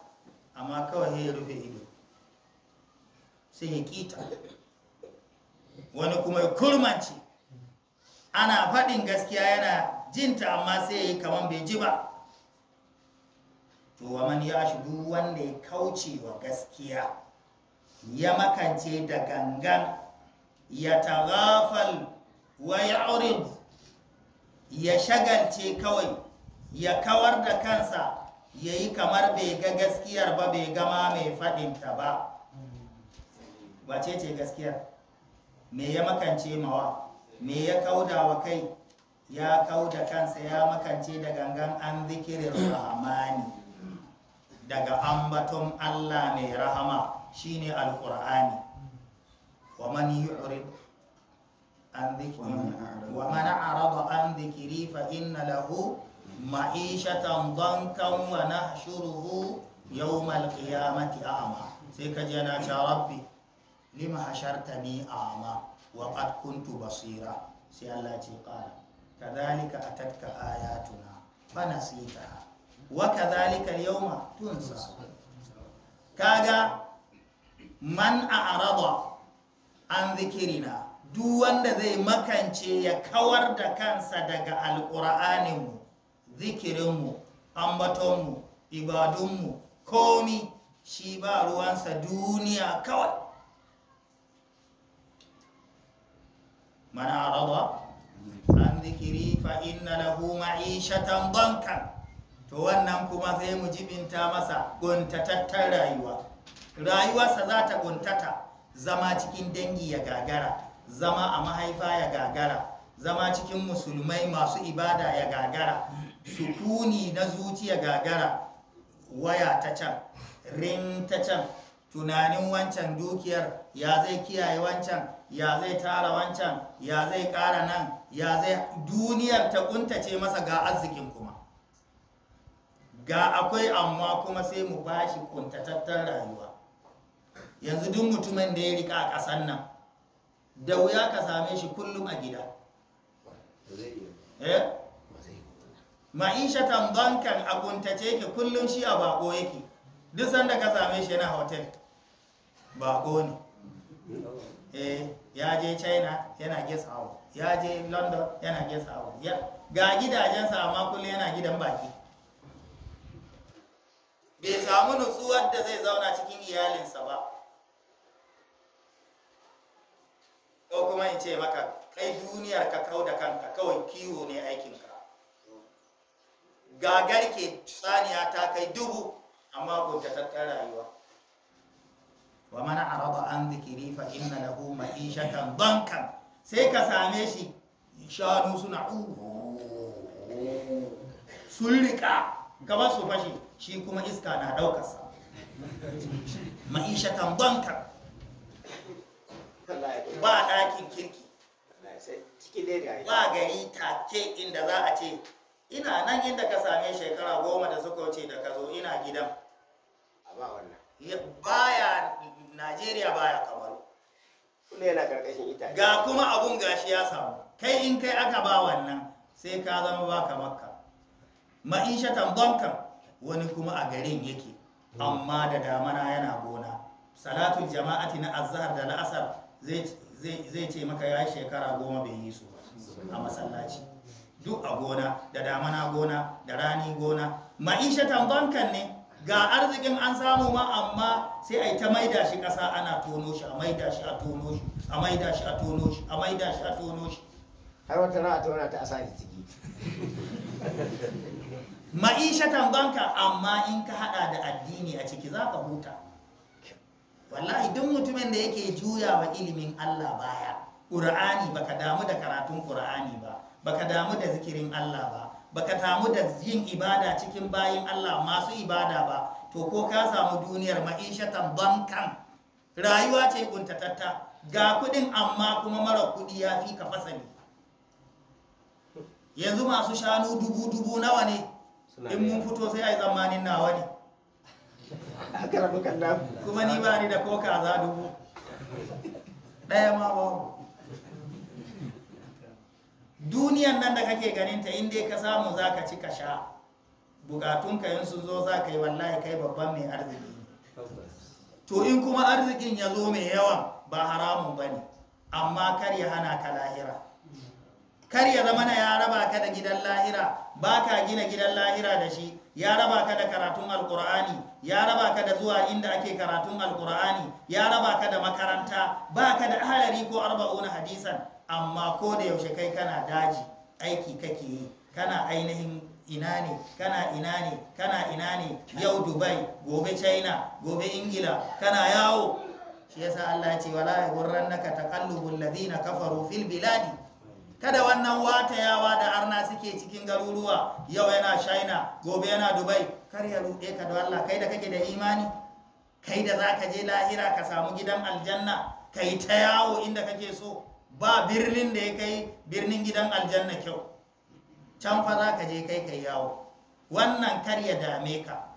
amma kawai ya rufe ido sai ya kita wani kuma ya kurmanci ana faɗin gaskiya yana jinta amma sai ya yi kamar bai ji ba to waman ya shi wanda ya kauce wa gaskiya ya makance da gangan ya tagafal wa ya aurin ya shagalce kawai ya kawar da kansa ya yi kamar bai ga gaskiyar ba bai gama mai faɗinta ba wace ce gaskiyar me ya makance mawa me ya kauda wa kai ya kauda kansa ya makance da gangan an zikirin rahamani daga ambaton Allah mai rahama shine alqur'ani wa man yu'rid an dhikri wa man arada an dhikri fa inna lahu ma'ishatan dhankan wa nahshuruhu yawmal qiyamati a'ma sai ka na yana rabbi lima hashartani a'ma wa qad kuntu basira sai Allah ce qala kadhalika atatka ayatuna fanasitaha wa kadhalika al tunsa kaga man a'rada an zikirina duk wanda zai makance ya kawar da kansa daga alƙur'aninmu zikirinmu ambatonmu ibadunmu komi shi ba ruwansa duniya kawai man arada an zikiri fa inna lahu ma'ishatan bankan to wannan kuma zai mu jibinta masa guntatattar rayuwa rayuwarsa za ta guntata zama cikin dangi ya gagara zama a mahaifa ya gagara zama cikin musulmai masu ibada ya gagara sukuni na zuciya gagara waya ta can rin ta can tunanin wancan dukiyar ya zai kiyaye wancan ya zai tara wancan ya zai ƙara nan ya zai duniyar ta kuntace masa ga arzikin kuma ga akwai amma kuma sai mu bashi kuntatattar rayuwa yanzu duk mutumin da ya rika a ƙasan nan da wuya ka same shi kullum a gida ma'isha eh? ma'ishatan bankan a kuntace ke kullum shi a bako yake duk sanda ka same shi yana hotel bako ne eh ya je china yana guest house ya je london yana guest house ya ga gidajensa amma kullum yana gidan baki bai samu nutsuwar da zai zauna cikin iyalinsa ba ko kuma in ce maka kai duniyar ka kau da kanka kawai kiwo ne aikinka ga garke saniya ta kai dubu amma kuntatattar rayuwa wa mana a arada an dhikri fa inna lahu ma'ishatan kan, sai ka same shi shanu suna sun rika gaban su fashe shi kuma iska na daukar sa ma'ishatan kan. ba ɗakin kirki ba gari ta ke inda za a ce ina nan inda ka same shekara goma da suka wuce da ka zo ina gidan baya najeriya baya kamar kuma yana karkashin itace ga kuma abun gashi ya samu kai in kai aka ba wannan sai ka zama baka makka ma'ishatan bankan wani kuma a garin yake amma da damana yana gona salatul jama'ati na azhar da la'asar zai ce maka ya shekara goma bai yi su a masallaci duk a gona da damana gona da rani gona ma'ishatan bankan ne ga arzikin an samu ma amma sai a yi ta maida shi ƙasa ana tono shi a maida shi a tono shi a maida shi a tono shi a maida shi a tono shi har wata rana tona ta asa shi ciki ma'ishatan banka amma in ka hada da addini a ciki za ka huta wallahi duk mutumin da yake juya wa ilimin Allah baya ƙur'ani baka damu da karatun ƙur'ani ba baka damu da zikirin Allah ba baka tamu da yin ibada cikin bayin Allah masu ibada ba to ko ka samu duniyar ma'ishatan bankan rayuwa ce kuntatatta ga kudin amma kuma mara kudi ya fi ka fasali yanzu masu shanu dubu dubu nawa ne in mun fito sai yi zamanin nawa ne kuma ni ba ni da ko kaza dubu ɗaya ma ba duniyan nan da kake ganin ganinta inda ka samu za ka ci ka sha ka yin sun zo za ka yi wallahi kai babban mai arziki to in kuma arzikin ya zo mai yawan ba haramun ba ne amma kar ya hana ka lahira kar ya zama na ya raba ka da gidan lahira ba ka gina gidan lahira da shi ya raba ka da karatun alkur'ani ya raba ka da zuwa inda ake karatun alkur'ani ya raba ka da makaranta ba ka da ahalari ko arba'una hadisan amma ko da yaushe kai kana daji aiki kake yi kana ainihin ina ne kana ina ne kana ina ne yau dubai gobe china gobe ingila kana yawo shi yasa Allah ya ce wala naka taqallubul ladina kafaru fil biladi kada wannan watayawa da arna suke cikin garuruwa yau yana china gobe yana dubai kar ya rude ka da Allah kai da kake da imani kai da zaka je lahira ka samu gidan aljanna kai ta yawo inda kake so ba birnin da ya kai birnin gidan aljanna kyau can fa za ka je kai kai yawo wannan kar ya dame ka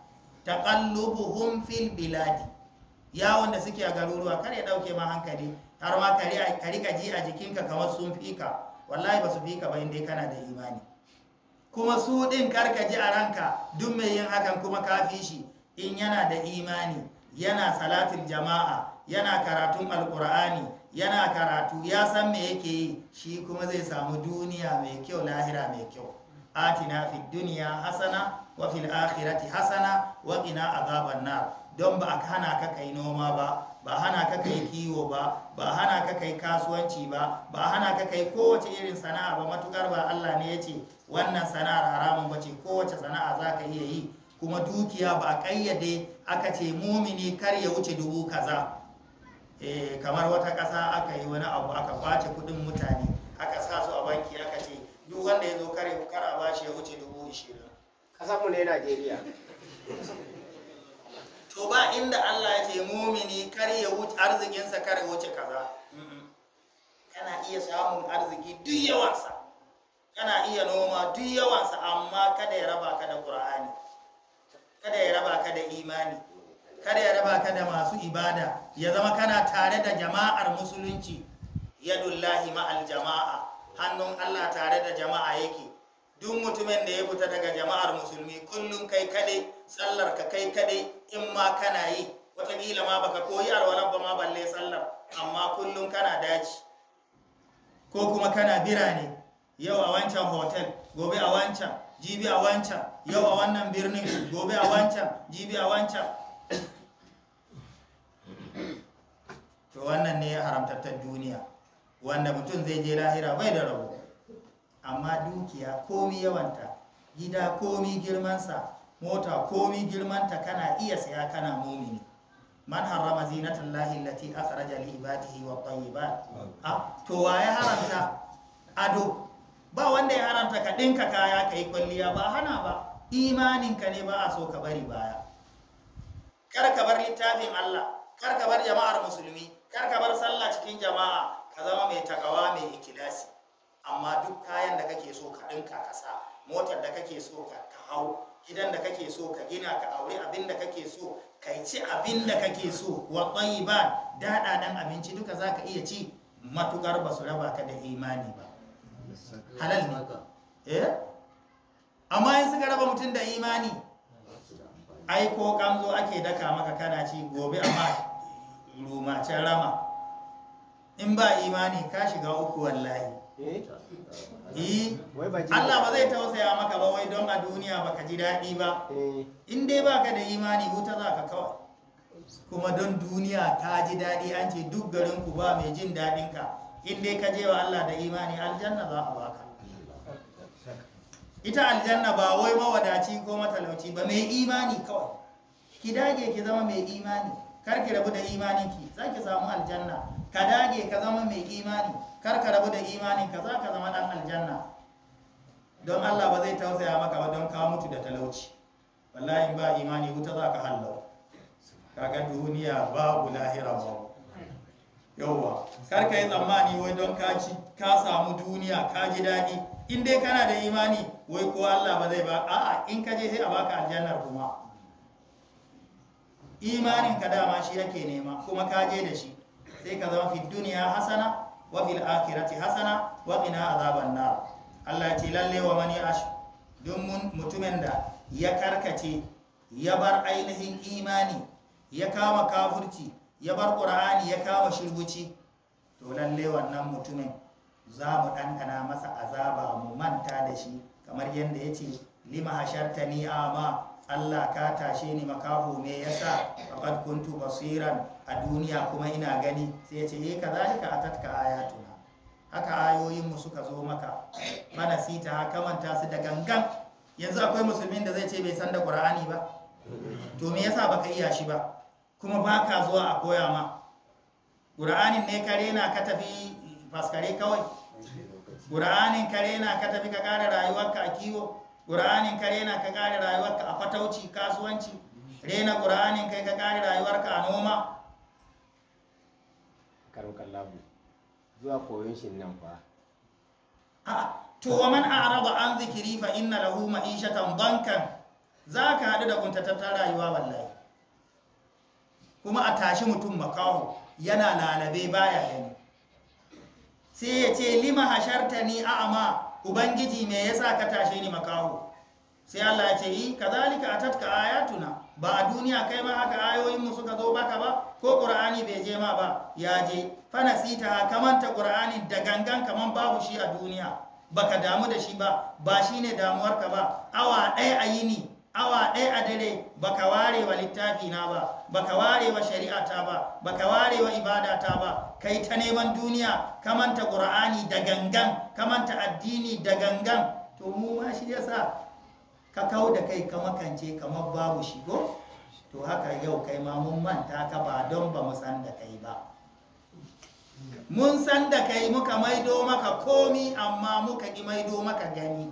taqallubuhum fil biladi yawon da suke a garuruwa kar ya dauke ma hankali har ma ka rika ji a jikinka kamar sun fika wallahi ba su fika ba inda kana da imani kuma su din kar ka ji a ranka duk mai yin hakan kuma ka fi shi in yana da imani yana salatin jama'a yana karatun alkur'ani yana karatu ya san me yake yi shi kuma zai samu duniya mai kyau lahira mai kyau atina fi duniya hasana wa fil akhirati hasana wa qina azaban nar don ba a hana ka kai noma ba ba hana ka kai kiwo ba ba hana ka kai kasuwanci ba ba hana ka kai kowace irin sana'a ba matukar ba Allah ne ya ce wannan sana'ar haramun ba ce kowace sana'a za ka iya yi kuma dukiya ba a kayyade aka ce mumini kar ya wuce dubu kaza Eh, kamar wata ƙasa aka yi wani abu aka kwace kuɗin mutane aka sa su a banki aka ce duk wanda ya zo kare kar a bashi ya wuce dubu ishirin Ƙasa mu ne najeriya to ba inda allah ya ce mumini kar ya wuce arzikinsa kar ya wuce kaza kana iya samun arziki duk yawansa kana iya noma duk yawansa amma kada ya raba ka da ƙur'ani kada ya raba ka da imani kada ya raba ka da masu ibada ya zama kana tare da jama'ar musulunci yadullahi ma'al jama'a hannun Allah tare da jama'a yake duk mutumin da ya fita daga jama'ar musulmi kullum kai kade sallar ka kai kade in ma kana yi Wataƙila ma baka koyi alwalar ba ma balle sallar amma kullum kana daji ko kuma kana birane yau a wancan hotel gobe a wancan jibi a wancan yau a wannan birnin gobe a wancan jibi a wancan wannan ne haramtattar duniya wanda mutum zai je lahira bai da rabo amma dukiya komi yawanta gida komi girmansa mota komi girmanta kana iya saya kana mumini man harrama zinatan lahi lati akhraja li ibadihi wa tayyibat ha to wa ya haramta ado ba wanda ya haramta ka dinka kaya kai kwalliya ba hana ba imaninka ne ba a so ka bari baya kar ka bar littafin Allah kar ka bar jama'ar musulmi kar ka bar sallah cikin jama'a ka zama mai takawa mai ikilasi amma duk kayan da kake so ka ɗinka ka motar da kake so ka hau gidan da kake so ka gina ka aure abin da kake so ka ci abin da kake so wa tsayiban daɗaɗen abinci duka za ka iya ci matukar ba su raba ka da imani ba halal ne eh amma in suka raba mutum da imani ai ko kamzo ake daka maka kana ci gobe amma roma rama in ba imani ka shiga uku wallahi eh? Eh? Allah ba zai tausaya maka ba wai don a duniya baka ji daɗi ba eh. in dai baka da imani wuta za ka kawai kuma don duniya ta ji daɗi an ce duk garin ku ba mai jin daɗin in dai ka je wa Allah da imani aljanna za a baka ita aljanna ba wai mawadaci ko matalauci ba mai imani kawai ki dage ki zama mai imani kar ki rabu da imaninki za ki samu aljanna ka dage ka zama mai imani kar ka rabu da imanin ka za ka zama dan aljanna don Allah ba zai tausaya maka ba don ka mutu da talauci wallahi ba imani wuta za ka hallau kaga duniya babu lahira ba Yawwa, kar ka yi tsammani wai don ka ci ka samu duniya ka ji daɗi in dai kana da imani wai ko Allah ba zai ba a'a in ka je sai a baka aljannar kuma imanin ka dama shi yake nema kuma ka je da shi sai ka zama fi duniya hasana wa fil akhirati hasana wa qina azaban nar Allah ya ce lalle wa mani ash dun mutumin da ya karkace ya bar ainihin imani ya kama kafurci ya bar qur'ani ya kama shirguci to lalle wannan mutumin za mu ɗanɗana masa azaba mu manta da shi kamar yadda ya ce lima ni ama Allah ka tashe ni makaho me yasa faqad kuntu basiran a duniya kuma ina gani sai ya ce eh kazalika atatka ayatuna haka ayoyin mu suka zo maka mana sita haka manta su da gangan yanzu akwai musulmin da zai ce bai san da qur'ani ba to me yasa baka iya shi ba kuma baka zuwa a koya ma qur'anin ne kare na ka tafi faskare kawai qur'anin kare na ka tafi ka kara rayuwarka a kiwo ƙur'anin ka rena ka kare rayuwarka a fatauci kasuwanci rena ƙur'anin kai ka kare rayuwarka a noma karukan labu zuwa koyon shi nan fa to wa man a'rada an zikiri fa inna lahu ma'ishatan bankan zaka hadu da kuntatattar rayuwa wallahi kuma a tashi mutum makaho yana lalabe baya gani sai ya ce lima hasharta hashartani a'ama ubangiji me yasa ka tashe ni makaho sai Allah ya ce yi kazalika atatka ayatuna ba a duniya kai ma haka ayoyin mu suka zo baka ba ko qur'ani bai je ma ba ya je fa nasita ta qur'ani da gangan kaman babu shi a duniya baka damu da shi ba ba shine damuwarka ba awa ɗaya a yini awa ɗaya a dare ba ka ware wa littafi na ba ka ware wa shari'a ta ba ka ware wa ibada ta ba ka yi ta neman duniya ka manta ƙur'ani da gangan ka kamanta addini da gangan to mu ma shi ya sa ka kawo da kai ka makance kamar babu shigo to haka yau kai ma mun manta ka ba don ba mu san da kai ba mun san da kai muka maido maka komi amma muka ki maido maka gani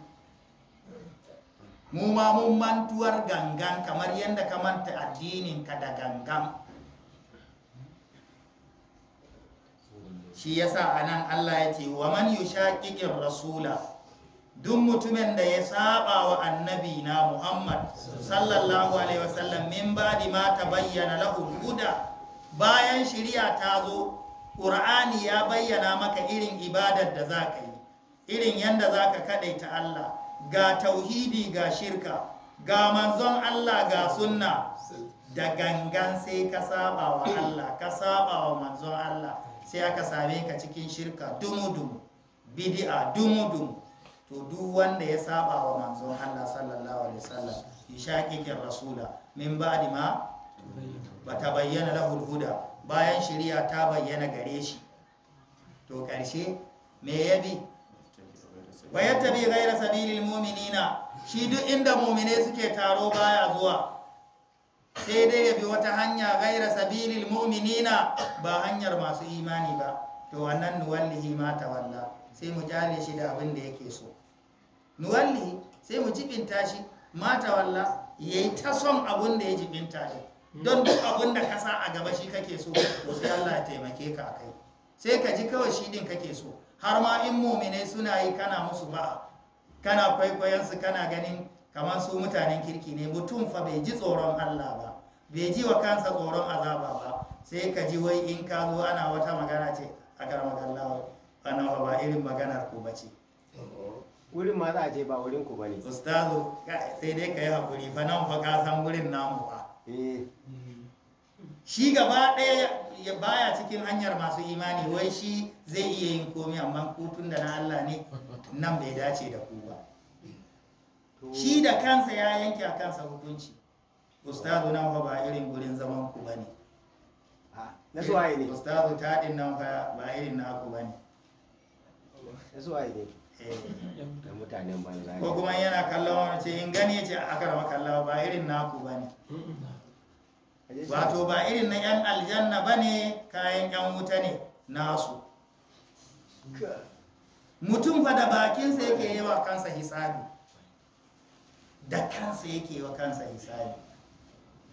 mu ma mun mantuwar gangan kamar yadda ka manta addinin ka da gangan shi yasa anan Allah ya ce wa man yushaqiqir rasula duk mutumin da ya saba wa annabi na Muhammad sallallahu alaihi wasallam min ba'di ma tabayyana lahu huda bayan shari'a ta zo Qur'ani ya bayyana maka irin ibadar da zaka yi irin yadda zaka kadaita Allah ga tauhidi ga shirka ga manzon Allah ga sunna da gangan sai ka saba wa Allah ka saba wa manzon Allah sai aka same ka cikin shirka dumudum bid'a dumudum to duk wanda ya saba wa manzon Allah sallallahu alaihi wasallam yushaqiqir rasula min ba'di ma bayyana lahu huda bayan shari'a ta bayyana gare shi to karshe me yabi wa bi ghayra sabilil mu'minina shi duk inda mu'mine suke taro baya zuwa sai dai ya bi wata hanya gaira sabilil mu'minina ba hanyar masu imani ba to wannan nuwallihi ma walla sai mu jale shi da abin da yake so nuwallihi sai mu jibinta shi ma walla yayi ta son abin da ya jibinta ne don duk abin da ka sa a gaba shi kake so to sai Allah ya taimake ka kai. sai ka ji kawai shi din kake so har ma in muminai suna yi kana musu ba kana kwaikwayonsu kana ganin kamar su mutanen kirki ne mutum fa bai ji tsoron Allah ba bai ji wa kansa tsoron azaba ba sai ka ji wai in ka zo ana wata magana ce a karamar ba wannan ba irin maganar ku bace wurin ma za a je ba wurin ku bane ustazu sai dai ka yi hakuri fa nan fa ka san wurin namu ba eh shi gaba ɗaya ya baya cikin hanyar masu imani wai shi zai iya yin komi amma kutun da na Allah ne nan bai dace da ku ba shi da kansa ya yanke a kansa hukunci ustazu nan fa ba irin gurin zaman ku bane na suwaye ne ustazu din nan fa ba irin ku bane na suwaye eh. ne ko kuma yana kallon wani ce in gani ce a karama kallawa ba irin naku bane wato ba irin na yan aljanna ba ne kayan yan wuta ne nasu mutum fa da bakinsa yake yi wa kansa hisabi da kansa yake wa kansa hisabi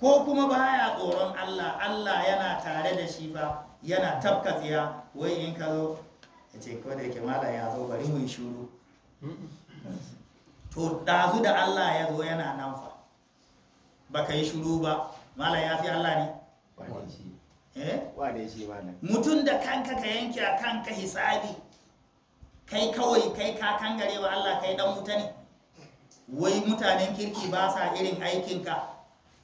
ko kuma baya tsoron Allah Allah yana tare da shi fa yana tafka wai in ka zo ya ce ko da ya zo bari mu yi shuru to dazu da Allah ya zo yana nan fa baka yi shuru ba malam ya fi Allah ne eh? wane shi malam mutum da kanka ka yanke a kanka hisabi kai kawai kai ka kangare wa Allah kai dan wuta ne wai mutanen kirki ba sa irin aikinka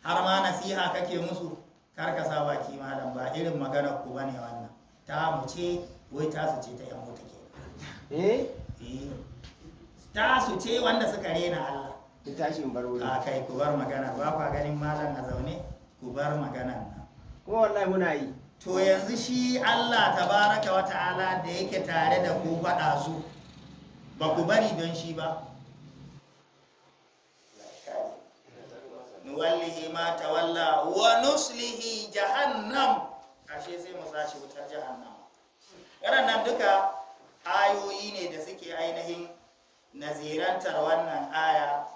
har ma nasiha kake musu karkasa baki malam ba irin maganar ku bane wannan ta mu ce wai ta su ce ta yan wuta ke eh, eh. su ce wanda suka rena Allah tashin bar wuri kai ku bar magana ba kwa ganin malam a zaune ku bar maganan nan wallahi muna yi to yanzu shi Allah tabaraka wa ta'ala da yake tare da ku fada su ba ku bari don shi ba nuwallihi ma tawalla wa nuslihi jahannam ashe sai mu sashi wutar jahannam waɗannan duka ayoyi ne da suke ainihin nazirantar wannan aya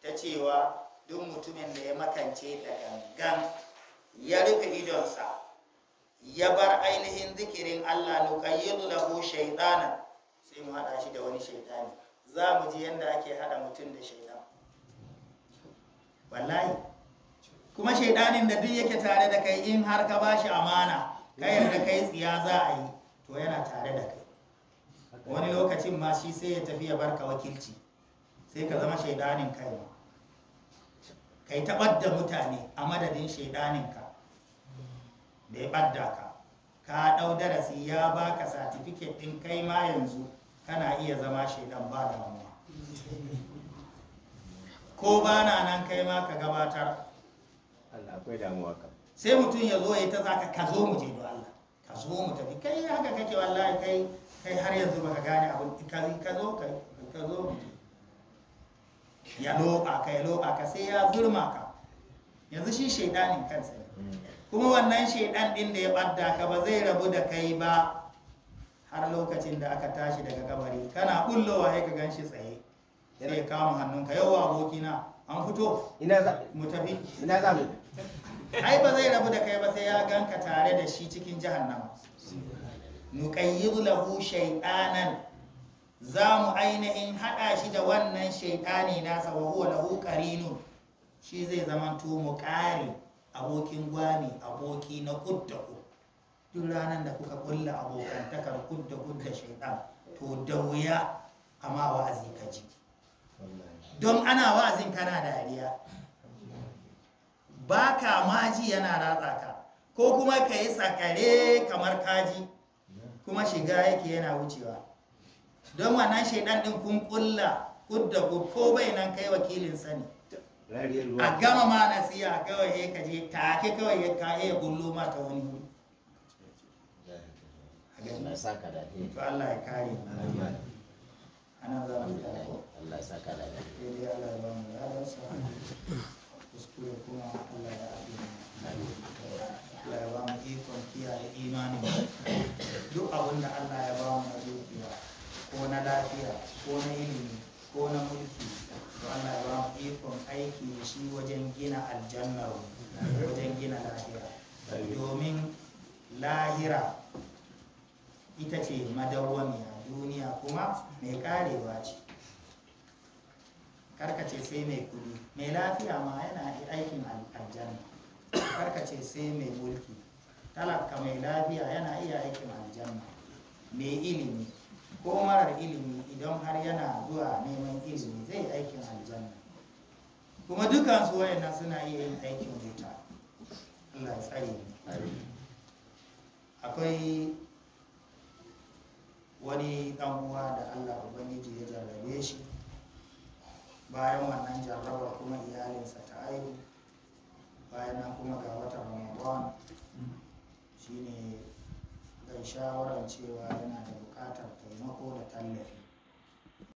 ta cewa duk mutumin da ya makance da gangan ya rufe idonsa ya bar ainihin zikirin Allah nuqayyidu lahu shaytanan sai mu hada shi da wani shaytani za mu ji yadda ake hada mutum da shaytan wallahi kuma shaidanin da duk yake tare da kai in har ka bashi amana ka da kai tsiya za a yi to yana tare da kai wani lokacin ma shi sai ya tafi ya barka wakilci sai ka zama shaidanin kai ma kai ta da mutane a madadin shaidaninka da ya ɓadda ka ka ɗau darasi ya baka satifiket ɗin kai ma yanzu kana iya zama shaidan ba da mamma ko ba na nan kai ma ka gabatar sai mutum ya zo ya ta za ka zo mu je do Allah ka zo mu tafi kai haka kake wallahi kai kai har yanzu baka gane abin ka zo kai, ka zo mu je ya loba ka ya loba ka sai ya zurma ka yanzu shi shaidanin kansa ne hmm. kuma wannan shaidan din da ya ɓadda ka ba zai rabu da kai ba har lokacin da aka tashi daga kabari kana ɓullowa ya ka ganshi tsaye sai ya kama hannunka yau abokina an fito mu tafi ina ai ba zai rabu da kai ba sai ya ganka tare da shi cikin jahannama nuqayyidu lahu shay'anan za mu ainihin haɗa shi da wannan shaitani nasa wa huwa lahu qarinun shi zai zama zamanto mu ƙare abokin gwami aboki na kuddaku duk ranar da kuka kulla abokantakar kuddaku da shaitan to da wuya amma wa'azi ka ji don ana wa'azin kana dariya ba ka maji yana ratsa ka ko kuma ka yi kare kamar kaji kuma shiga yake yana wucewa don wannan shaidan din kun kulla kudda ko bai nan kai wakilin sani a gama ma nasiya kawai ya kaje take kawai ya kaye ya gullo ma ta wani Allah ya kare ana za mu duk abin Allah ya ba mu ko na lafiya ko na ilimi ko na mulki to Allah ya ba mu ikon aiki shi wajen gina aljannar wajen gina lahira domin lahira ita ce madawwamiya duniya kuma mai karewa ce karkace sai mai kudi mai lafiya ma yana aikin aljanna karkace sai mai mulki talaka mai lafiya yana iya aikin aljanna mai ilimi ko marar ilimi idan har yana zuwa neman ilimi zai aikin aljanna kuma dukkan su wayannan suna iya yin aikin wuta Allah ya tsare akwai wani dan uwa da Allah ubangiji ya jarrabe shi bayan wannan jarrabar kuma iyalinsa ta aihu bayan kuma ga wata Ramadan shine kai shawarar cewa yana da buƙatar taimako da tallafi